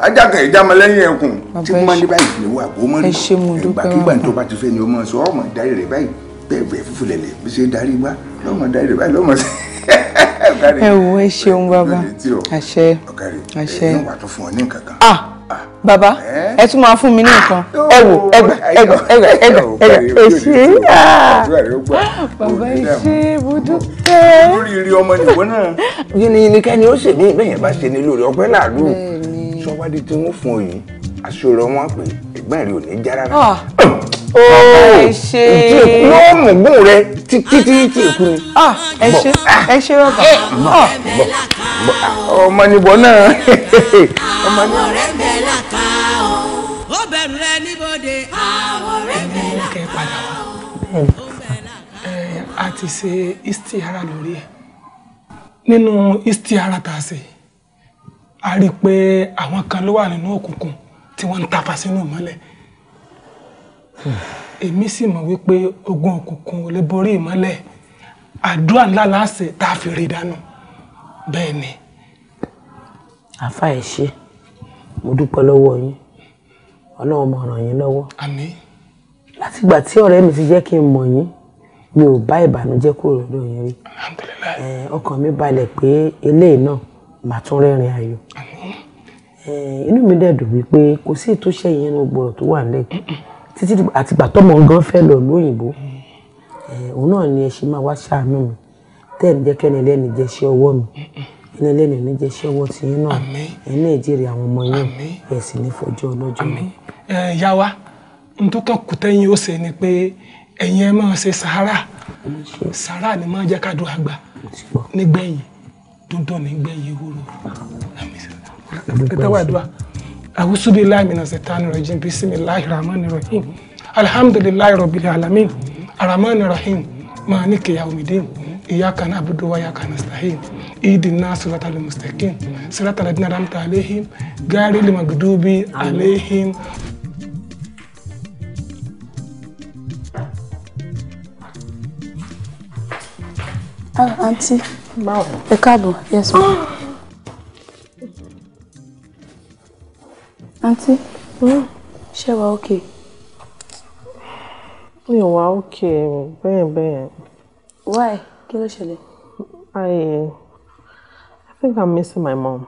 ajákan ìjámalẹ́yìn ẹkùn tí mo máa ń báyìí lè wà bó mọ́ rí ìgbàkigbà tó bá ti fẹ́ ni o máa sọ ọmọ darí ẹ wo ẹ ṣeun bàbá àṣẹ àṣẹ ẹ wà tó fún ọ ní nǹkan kan. ah, ah. bàbá ẹ tún máa fún mi ní nǹkan ah, ẹ wò ẹgbà ẹgbà ẹgbà ẹgbà ẹgbà ẹ ṣe oh, bàbá ẹ ṣe ah, mo dúpẹ́. oríire ọmọ nìwọ náà. yìnyín kẹ́ni ó ṣèmí ìbẹ̀yẹn bá ṣe ní lórí ọpẹ́ làálù sọ́wádìí tí wọ́n fún ọ yìí àṣọ rẹ̀ wọ́n á pè ẹ̀gbọ́n rẹ̀ ò ní já rárá. Oh ẹ ṣe yóò mú gún rẹ títí tí èkú ni. Ah, ẹ ṣe ah. ẹ ṣe bàbá. Eh, ah. ọmọ nìbọ náà ọmọ nìbọ bẹ̀rù eh, rẹ níbodè àwòrán bẹ̀rù kẹ́ padà wá. a ti ṣe istihara lórí ẹ̀ nínú istihara tá a ṣe a rí i pé àwọn kan ló wà nínú òkùnkùn tí wọ́n ń tapa sínú ìmọ́lẹ̀ èmi sì mọ̀ wípé ogun òkùnkùn ò lè borí ìmọ́lẹ̀ àdúrà ńlá láṣẹ tá a fi rí dànù bẹ́ẹ̀ ni. àfa ẹ̀ ṣe mo dúpẹ́ lọ́wọ́ yín ọlọ́run máa ràn yín lọ́wọ́. àmín. látìgbà tí ọ̀rẹ́ mi ti jẹ́ kí n mọ̀ yín mi ò bá ìbànújẹ́ kúrò lọ́dọ̀ yín rí. alhamdulilayi. ọkàn mi balẹ̀ pé eléyìí náà màá tún rẹ́rìn ayọ̀. inú mi dẹ̀ dùn wípé kò sí ìtúnṣe yẹn ní gbọ́rọ̀ tó wà lẹ́yìn títí àtìgbà tọmọ gan fẹ́ lọ lóyìnbó òun náà ni ẹ ṣe máa wá ṣàánú mi tẹ́ ẹ̀ ń jẹ́ kẹ́ni ẹlẹ́ni mi ẹni ẹlẹ́ni ní jẹ́ ṣe ọwọ́ tiyín náà ẹni náà jèrè àwọn ọmọ yẹn ẹ̀ sì ní fọjọ́ ọlọ́jọ́ mi. ìyá wa n tó ó ṣe ni pé ẹ̀yin ẹ máa ṣe sàárà sàárà ni máa jẹ́ kádùn àgbà nígbẹ̀yìn dúndùn nígbẹ̀yìn ewúro. ẹ tẹ́wọ́ àdúrà. أعوذ بالله من الشيطان الرجيم بسم الله الرحمن الرحيم الحمد لله رب العالمين الرحمن الرحيم مالك يوم الدين إياك نعبد وإياك نستعين إهدنا الصراط المستقيم صراط الذين أنعمت عليهم غير المغضوب عليهم Ah, auntie. Báwo. Ẹ káàbọ̀, yes ma. àǹtí hmm? ṣé wàá òkè. mi ò wá òkè bẹ́ẹ̀ bẹ́ẹ̀. why kí ló ṣẹlẹ̀. i i think i'm missing my mom.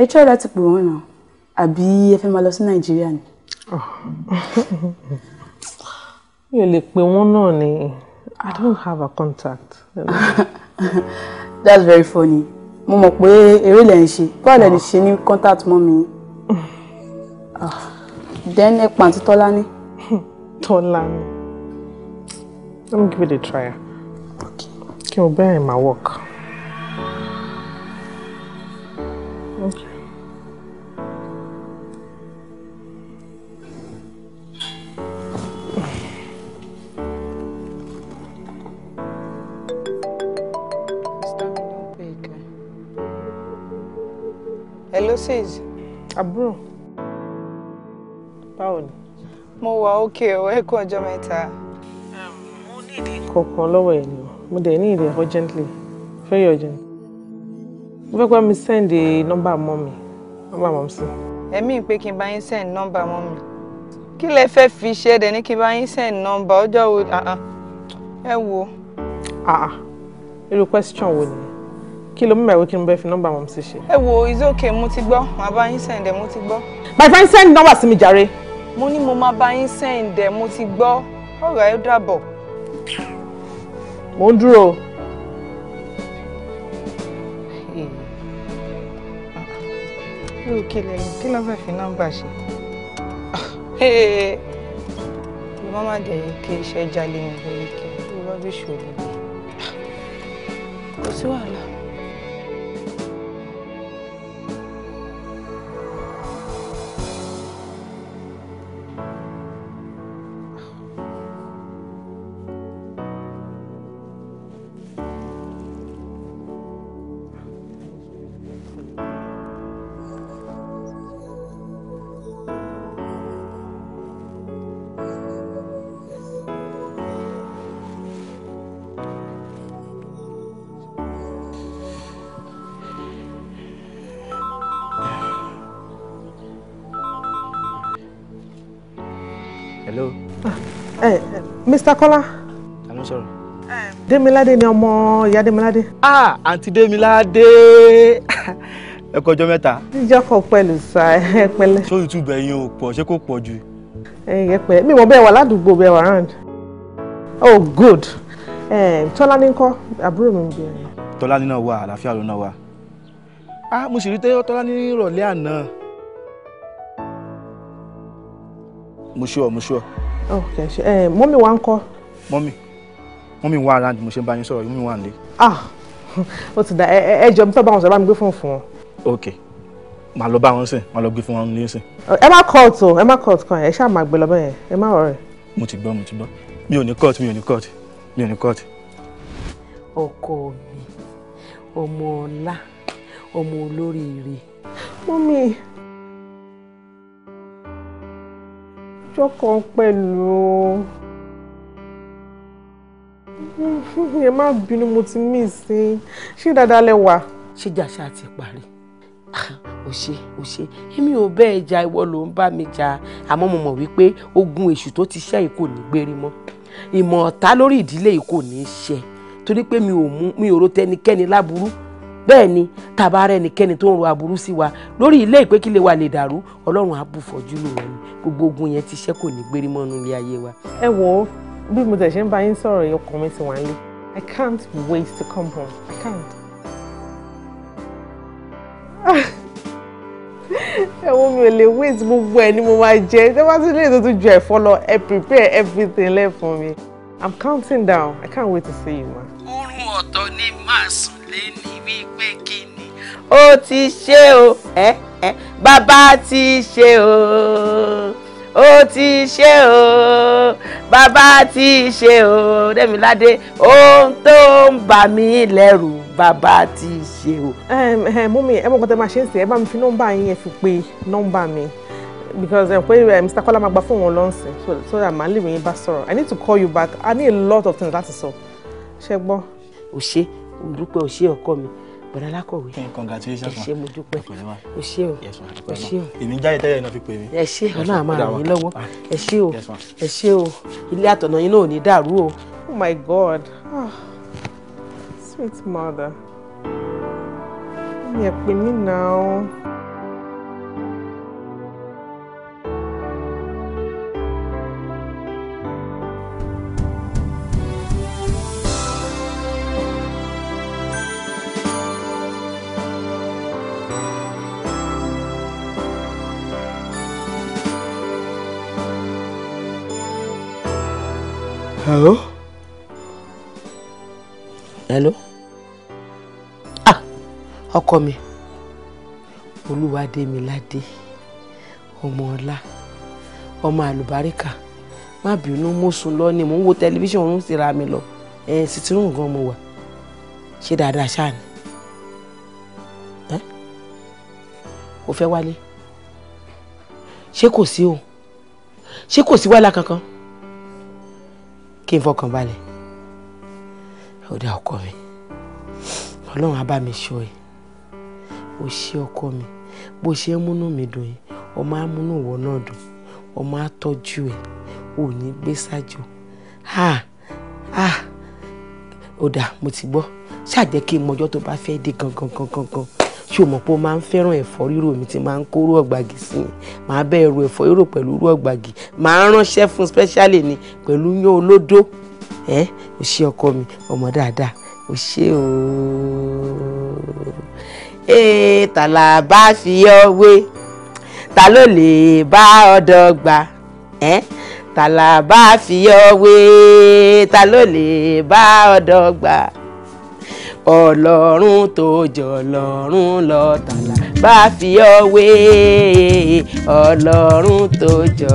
ẹ try láti pè wọ́n náà àbí ẹ fẹ́ máa lọ sí nàìjíríà ni. Ah. mi ò lè pè wọ́n náà ni i don't have a contact. that's very funny mo mọ̀ pé eré lẹ́yìn ṣe báwo lẹ́yìn ṣe ní contact mọ́ mi. *laughs* Ah, then ẹ pàǹtí Tọ́lání. Tọ́lání. Let me give it a try. Okay. Kí o bẹ̀rẹ̀ my work. Okay. Hello, sis. Àbúrò báwo ni. mo wà òkè o ẹ kú ọjọ́ mẹ́ta. mo ní ìdí kankan lọ́wọ́ ẹ̀ ni o mo dẹ̀ ní ìdí urgently very urgent. mo fẹ́ pẹ́ mi send nọ́mbà mọ́ mi nọ́mbà mọ́ mi sí. ẹ̀mí pé kí n bá yín send nọ́mbà mọ́ mi kí lẹ fẹ́ fi ṣe ẹ̀ dẹ̀ ní kí n bá yín send nọ́mbà ọjọ́ wo ah, ah. ẹ wo. Ah, irú question wo nìyẹn kí ló mú bàwí kí n bẹ fi nọ́mbà mọ̀ sí ṣe. ẹ wo it's okay mo ti gbọ́ màá bá yín send ẹ mo ti gbọ́. bàbá yín send nọ́mbà sí mi jàre mo ní mo máa bá yín sẹ́ǹdẹ̀ mo ti gbọ́ ọ̀rọ̀ ẹ dàbọ̀. mo ń dúró. yóò ah. kílẹ̀ yín kí ló fẹ́ fi nọ́mbà ṣe. mo má má dẹ̀ yín kí iṣẹ́ jalè mi lórí kí n rọ́bìṣì òbí kò sí wàhálà. Mr. Kola, I'm sorry. sọ̀rọ̀. Démiládé ni ọmọ ìyá Démiládé. ah àǹtí Démiládé *laughs* ẹ kọjọ mẹ́ta. jíjọ kọ pẹ̀lú sa ẹ pẹ̀lẹ́. ṣó YouTube ẹ̀yin ò pọ̀ ṣé kò pọ̀ jù. ẹyẹ pẹ mi mọ bẹ́ẹ̀ wà ládùúgbò bẹ́ẹ̀ wà round. oh good tọ́lá ní kọ́ àbúrò mi ń bẹ̀rẹ̀. tọ́lá ní náà wà àlàáfíà ló náà ah mo sì rí tẹ́yọ́ tọ́lá ní ìrọ̀lẹ́ àná. mo ṣọ́ mo ṣọ́ okay ṣe ẹ eh, mọ́mí wa mommy kọ́. mọ́mí mọ́mí wà around mo ṣe ń bá yín sọ̀rọ̀ mọ́mí wà ah *laughs* ó ti da ẹ jọ mi tó bá wọn sọ bá mi gbé fún fún wọn. ok màá lọ bá wọn sìn màá lọ gbé fún wọn nílé sìn. Eh, ẹ má court o ẹ má court kan ẹ ṣáà máa gbé lọ bẹ́ẹ̀ ẹ má ọ̀rẹ́. mo ti gbọ́ mo ti gbọ́ mi ò ní court mi ò ní court mi ò ní court. ọkọ mi ọmọ ọlá ọmọ olóríire. mommy. ọjọ́ kan pẹ̀lú ẹ má bínú mo ti mí sí ṣé dáadáa lẹ wà. ṣé jàṣà ti parí ò ṣe ò ṣe èmi ò bẹ́ẹ̀ ja ìwọ ló ń bá mi ja àmọ́ mo mọ̀ wípé ogun èṣù tó ti ṣẹ́ yìí ní gbérí mọ́ ìmọ̀ ọ̀tá lórí ìdílé yìí ní ṣe torí pé mi ò mú mi ò ro tẹnikẹ́ni láburú bẹ́ẹ̀ ni tàbá ara ẹnikẹ́ni tó ń ro aburú sí wa lórí ilé ìpè kí lè wa lè dàrú ọlọ́run àbúfọ̀jú lò wọ́n gbogbo ogun yẹn ti ṣẹ́ kò ní gbérí mọ́nú ilé ayé wa. ẹ wo bí mo tẹ̀ ń bá yín sọ̀rọ̀ yẹn ọkàn ti wà nílé I can't wait to come home I can't. Ah! *laughs* ẹ̀wọ̀n mi ò lè wait gbogbo ẹ̀ ni mo máa jẹ ẹ bá tún lè tó tún ju ẹ̀fọ́ lọ ẹ prepare everything lẹ́ mi I'm counting down I can't wait to see you ma. oorun ọ̀tọ̀ ni màá sùn lẹ́ni wípé kí ni ó ti ṣe o ẹ ẹ bàbá ti ṣe o ó ti ṣe o bàbá ti ṣe o Dẹ́miládé ohun tó ń bà mí lẹ́rù bàbá ti ṣe o. mummy ẹ mọ̀ nǹkan tẹ́ máa ṣe ń sè é bá mi fi nọ́mbà yín ẹ fi pe nọ́mbà mi because um, when uh, Mr. Kola Magba phone won lonsin so so that màá lè rin bá sọ̀rọ̀ I need to call you back I need a lot of things láti sọ ṣé gbọ́. o ṣe mo dúpẹ́ o ṣé ọkọ mi bọ̀dá alákọ̀wé ẹ ṣé mo dúpẹ́ o ṣé o o ṣé o èmi jáde tẹ́lẹ̀ náà fi pè mí. ẹ ṣé ọlọ́run àmọ́ àrùn yín lọ́wọ́ ah. ẹ ṣé o ẹ ṣé o ilé àtọ̀nà yín náà ò ní dàrú o oh my god oh, sweet mother mi ẹ̀ pè mí náà. Hello? Hello? Ah, ọkọ mi, Olúwadémiládé, ọmọ ọlá, ọmọ àlùbáríkà, má bínú mo sùn lọ ni mò ń wo tẹlifíṣàn òun sì ra mi lọ, ẹ̀ sì ti rún gan mo wà, ṣé dáadáa ṣáà ni? Ó fẹ́ wálé? Ṣé kò sí o? Ṣé kò sí wàhálà kankan? kí n fọkàn balẹ̀ ó dá ọkọ mi ọlọ́run á bá mi ṣọ́ ẹ ó ṣe ọkọ mi bó ṣe ń múnú mi dùn yìí ọmọ á múnú náà dùn ọmọ á ẹ ò ní gbé ṣáájú ha ha ó dá mo ti gbọ́ ṣáà jẹ́ kí n mọjọ́ tó bá fẹ́ dé gangan gangan gangan ṣé o mọ̀ pé o máa ń fẹ́ràn ẹ̀fọ́ rírò mi ti máa ń kó rú ọ̀gbàgì sí i màá bẹ́ ẹrù ẹ̀fọ́ rírò pẹ̀lú rú ọ̀gbàgì màá ránṣẹ́ fún specially ni pẹ̀lú yán olódó ẹ o ṣé ọkọ mi ọmọ dáadáa o ṣé ooo ee tàlà bá fi ọ ta ló lè bá ọdọ gbà ẹ tàlà bá fi ọ ta ló lè bá ọdọ gbà ọlọ́run tó jọ ọlọ́run lọ́tàlá bá fi ọ wé ọlọ́run tó jọ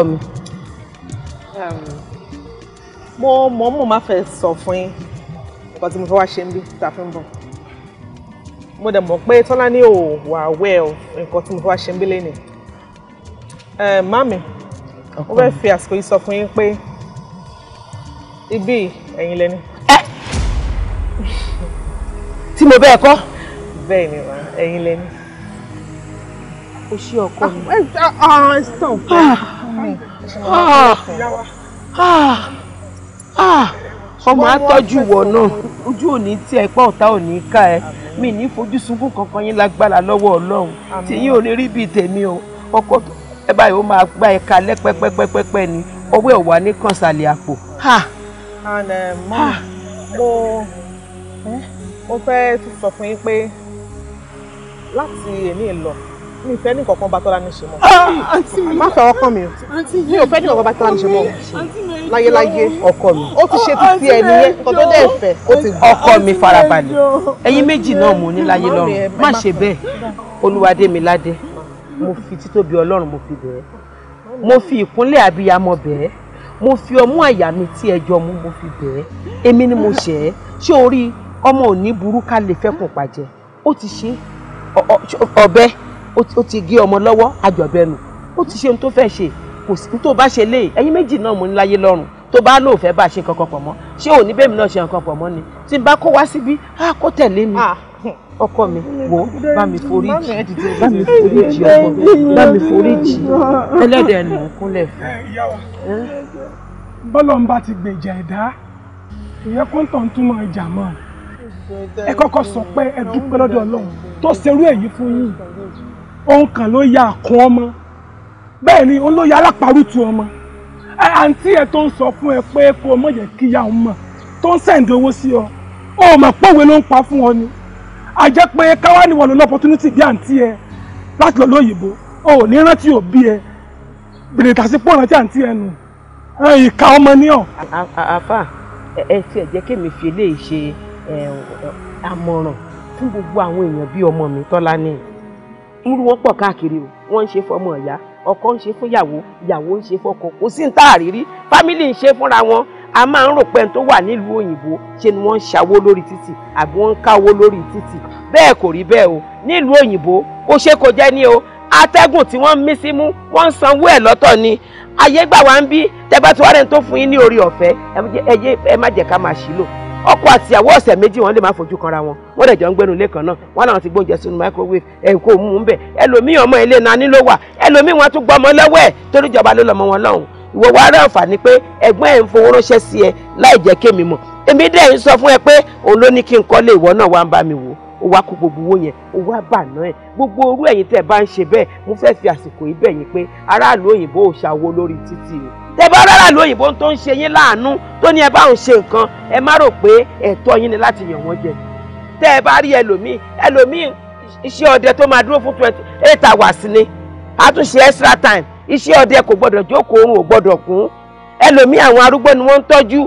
ọkọ mi. mo mọ̀ mo máa fẹ́ sọ fún yín nǹkan tí mo fẹ́ wá ṣe ń bí tá a fi ń bọ̀. mo dẹ̀ mọ̀ pé Tọ́lání ò wà wẹ́ẹ̀ o nǹkan tí mo fẹ́ wá ṣe ń bí lẹ́nu. mami mo fẹ́ fi àsìkò yìí sọ fún yín pé ibi ẹ̀yin lẹ́ni. ẹ tí mo bẹ́ẹ̀ kọ́. bẹ́ẹ̀ ni ma ẹ̀yin lẹ́ni. o ṣí ọkọ mi. Ah, ah, stop. Ah ọmọ atọ́jú wọ̀ náà ojú òní tí ẹ pọ̀ ọ̀tá òní ká ẹ mi ní fojú sunkún kankan yín lágbára lọ́wọ́ ọlọ́run tí yín ò ní rí bíi tèmi o ọkọ tó ẹ báyìí ó máa gbá ẹ̀ka lẹ́pẹ́pẹ́pẹ́pẹ́ ni ọwọ́ ẹ̀ wà ní kànsálẹ̀ àpò. and eh, mọ mo eh, mo fẹ́ tún sọ fún yín pé láti èmi lọ mi fẹ́ ní kankan bá tọ́lá ní ṣe mọ́. Ah, má fẹ́ ọkọ mi mi ò fẹ́ ní kankan bá tọ́lá ní ṣe mọ́ láyéláyé ọkọ mi ó ti ṣe títí ẹni yẹn kò tó dẹ́ fẹ́ ó ti gbọ́. ọkọ mi farabalẹ̀ ẹ̀yin méjì náà mo ní láyé lọ́rùn má ṣe bẹ́ẹ̀ olúwadémiládé mo fi títóbi ọlọ́run mo fi bẹ̀ẹ́ mo fi ìkúnlẹ̀ àbíyamọ bẹ̀ẹ́ mo fi ọmú àyà mi tí ẹjọ́ mú mo fi bẹ̀ẹ́ èmi ni mo ṣẹ̀ ẹ́ ṣé orí ọmọ òní burúkú lè fẹ́kùn pàjẹ́ ó ti ṣe ọ̀bẹ ó ti gé ọmọ lọ́wọ́ àjọ̀bẹ́nu ó ti ṣe ohun tó fẹ́ ṣe kò sí tó bá ṣe léyìí ẹ̀yin méjì náà mo ń láyé lọ́rùn tó bá lóò fẹ́ bá ṣe kankan pọ̀ mọ́ ṣé òní bẹ́ẹ̀ mi náà ṣe kankan pọ̀ mọ́ ni tí n bá kó wá síbí á kó tẹ̀lé mi ọkọ mi wò bá mi foríjì bá mi foríjì ọkọ bá mi foríjì ẹlẹ́dẹ̀ nù kúnlẹ̀ fún. bọ́lọ̀ ń bá ti gbèjà ẹ̀dá ìyẹn kọ́ńtàn túmọ̀ ìjà mọ́ ẹ kọ́kọ́ sọ pé ẹ dúpẹ́ lọ́dọ̀ Ọlọ́run tó ṣerú èyí fún yín òun kàn ló ya àkún ọmọ bẹ́ẹ̀ ni òun ló ya alápárùtù ọmọ àǹtí ẹ tó ń sọ fún ẹ pé kó o mọ̀ yẹ kí ya òun mọ̀ tó ń sẹ̀ǹdì owó sí ọ o mọ̀ pòwe ló ń pa fún ọ ni àjẹ́ pé káwá ni wọ́n lò ní opportunity bí àǹtí ẹ láti lọ lóyìnbó o ò ní rántí òbí ẹ bèrè tàṣípò rántí àǹtí ẹ nù ìka ọmọ ní ọ. àfà ẹ tiẹ̀ jẹ́ kí èmi fi eléyìí ṣe àmọ̀ràn fún gbogbo àwọn èèyàn bíi ọmọ mi Tọ́lání irú wọn pọ̀ káàkiri o wọ́n ń ṣe fọmọ ìyá ọkọ ń ṣe fúnyàwó ìyàwó ń ṣe fọkọ kò sí ní táàrírí fámìlì ń ṣe fúnra wọn a máa ń rò pé tó wà nílùú òyìnbó ṣe ni wọ́n ń ṣàwó lórí títì àbí wọ́n ń káwó lórí títì bẹ́ẹ̀ kò rí bẹ́ẹ̀ o nílùú òyìnbó kò ṣe kò jẹ́ ní o atẹ́gùn tí wọ́n ń mí símú wọ́n ń sanwó ẹ̀ lọ́tọ̀ ni ayé gbà wá ń bí tẹ́bá tí wọ́n rẹ̀ ń tó fún yín ní orí ọ̀fẹ́ ẹ má jẹ́ ká máa ṣílò ọkọ àtìyàwó ọ̀sẹ̀ méjì wọ́n lè má fojú kanra wọn wọ́n dẹ̀ jọ ń gbẹ́nu lẹ́kàn náà wọ́n làwọn ti gbóúnjẹ sínú microwave ẹ̀ kó mú un bẹ̀ ẹlòmíì ọmọ ilé nání ló wà ẹlòmíì wọn tún gbọmọ lọ́wọ́ ẹ̀ torí ìjọba ló lọmọ wọn lọ́hùn ìwọ wa rẹ àǹfààní pé ẹ̀gbọ́n ẹ̀ ń fowó ránṣẹ́ sí ẹ láì jẹ́ kémi mọ̀ èmi dẹ̀ ń sọ fún ẹ pé òun ló ní kí n kọ́lé ìwọ náà wá ń bá mi wò ó wá kó gbogbo owó yẹn ó wá bàná ẹ gbogbo orú ẹ̀yin tẹ́ bá ń ṣe bẹ́ẹ̀ mo fẹ́ fi àsìkò yìí bẹ̀ yín pé aráàlú òyìnbó ò ṣàwo lórí títì o tẹ́ aráàlú òyìnbó tó ń ṣe yín láàánú tó ní ẹ bá òun ṣe nǹkan ẹ má rò pé ẹ̀tọ́ yín ni láti yàn wọ́n jẹ tẹ́ ẹ bá rí ẹlòmíì ẹlòmíì iṣẹ́ ọdẹ tó máa dúró fún twenty eight hours ni a tún ṣe extra time iṣẹ́ ọdẹ kò gbọ́dọ̀ jókòó oorun ò gbọ́dọ̀ kún ẹlòmíì àwọn arúgbó ni wọ́n ń tọ́jú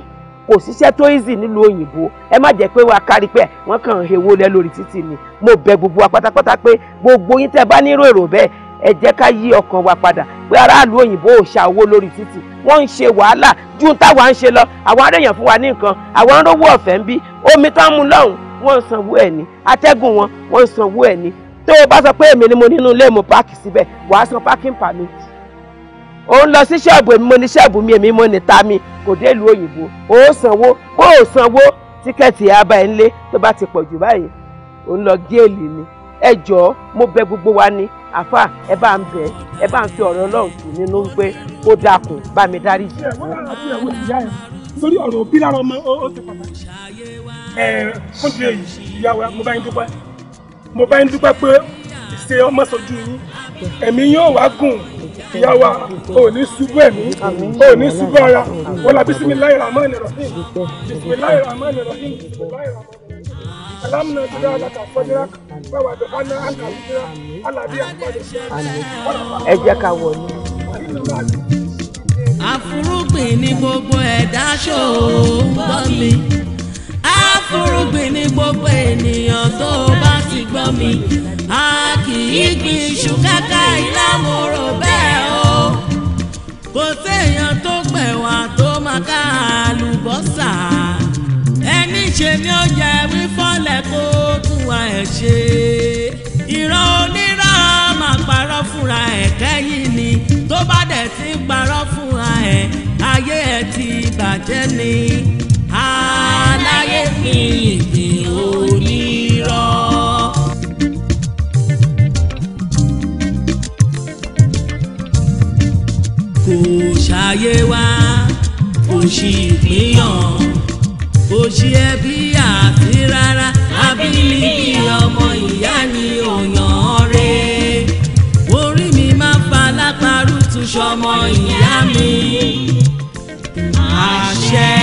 kò síṣẹ́ tó easy nílùú òyìnbó ẹ má jẹ́ pé wàá kárí pé wọ́n kàn ń hewó lẹ́ lórí títì ni mo bẹ̀ gbogbo wa pátápátá pé gbogbo yín tẹ́ bá nírò èrò bẹ́ẹ̀ ẹ jẹ́ ká yí ọkàn wa padà pé aráàlú òyìnbó ò ṣa owó lórí títì wọ́n ń ṣe wàhálà ju táwa ń ṣe lọ àwọn aréèyàn fún wa ní nǹkan àwọn arówó ọ̀fẹ́ ń bí omi tán mú lọ́hùn wọ́n ń sanwó ẹ̀ ní atẹ́gùn wọn wọ́n ń sanwó ẹ̀ ní tó o bá sọ pé èmi ni mo nínú ilé mo páàkì síbẹ̀ wàá san parking permit òun lọ sí ṣọ́ọ̀bù èmi mo ní ṣọ́ọ̀bù mi èmi mo ní ta mi kò dé ìlú òyìnbó ó sanwó bó o sanwó tíkẹ́ẹ̀tì abá ẹ̀ ńlé tó bá ti pọ̀ jù báyìí òun lọ géèlì ni ẹ jọ̀ọ́ mo bẹ̀ gbogbo wa ni àfà ẹ bá ń bẹ̀ ẹ bá ń fi ọ̀rọ̀ Ọlọ́run tù nínú pé kó dákun bá mi dárí jì. torí ọ̀rọ̀ òbí lára ọmọ ó ti pàtàkì fún ti èyí ìyàwó mo bá yín dúpẹ́ mo bá yín dúpẹ́ pé ṣe ọmọ sójú yín ẹ̀mí yóò wá gùn ìyàwó ò ní ṣubú ẹ̀mí ò ní ṣubú ara wọlá bismillahir rahmanir rahim bismillahir rahmanir rahim alamna jira alaka fọdira báwa dọ ana anka jira alabi ni gbogbo ẹ̀dá ṣòó ń bọ́ mi àfúrúgbìn ní gbogbo ènìyàn tó bá ti gbọ́ mi a kì í gbin iṣu kákà ìlàmúrò bẹ́ẹ̀ o kò séèyàn tó gbẹ̀wà tó máa ká àlùbọ́sà ẹni ṣe ni ó jẹ wífọ́lẹ̀ kó tún wa ẹ̀ ṣe ìran onírọ̀ máa parọ́ fúnra ẹ̀ kẹ́yìn ni tó bá dẹ̀ ti parọ́ fúnra ẹ̀ ayé ẹ̀ ti bàjẹ́ ni aláyé mi èdè onírọ́. kò ṣàyè wá kò sì pínyàn kò sí ẹbí àti rárá abínibí ọmọ ìyá ni òyàn rẹ̀ orí mi máa fa lápárù túṣọmọ ìyá mi àṣẹ.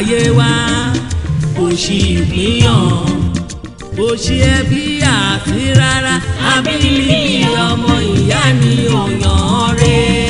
ayé wa òṣì ìpínyàn òṣì ẹbí àti rárá abínibí ọmọ ìyá ni òyàn rèé.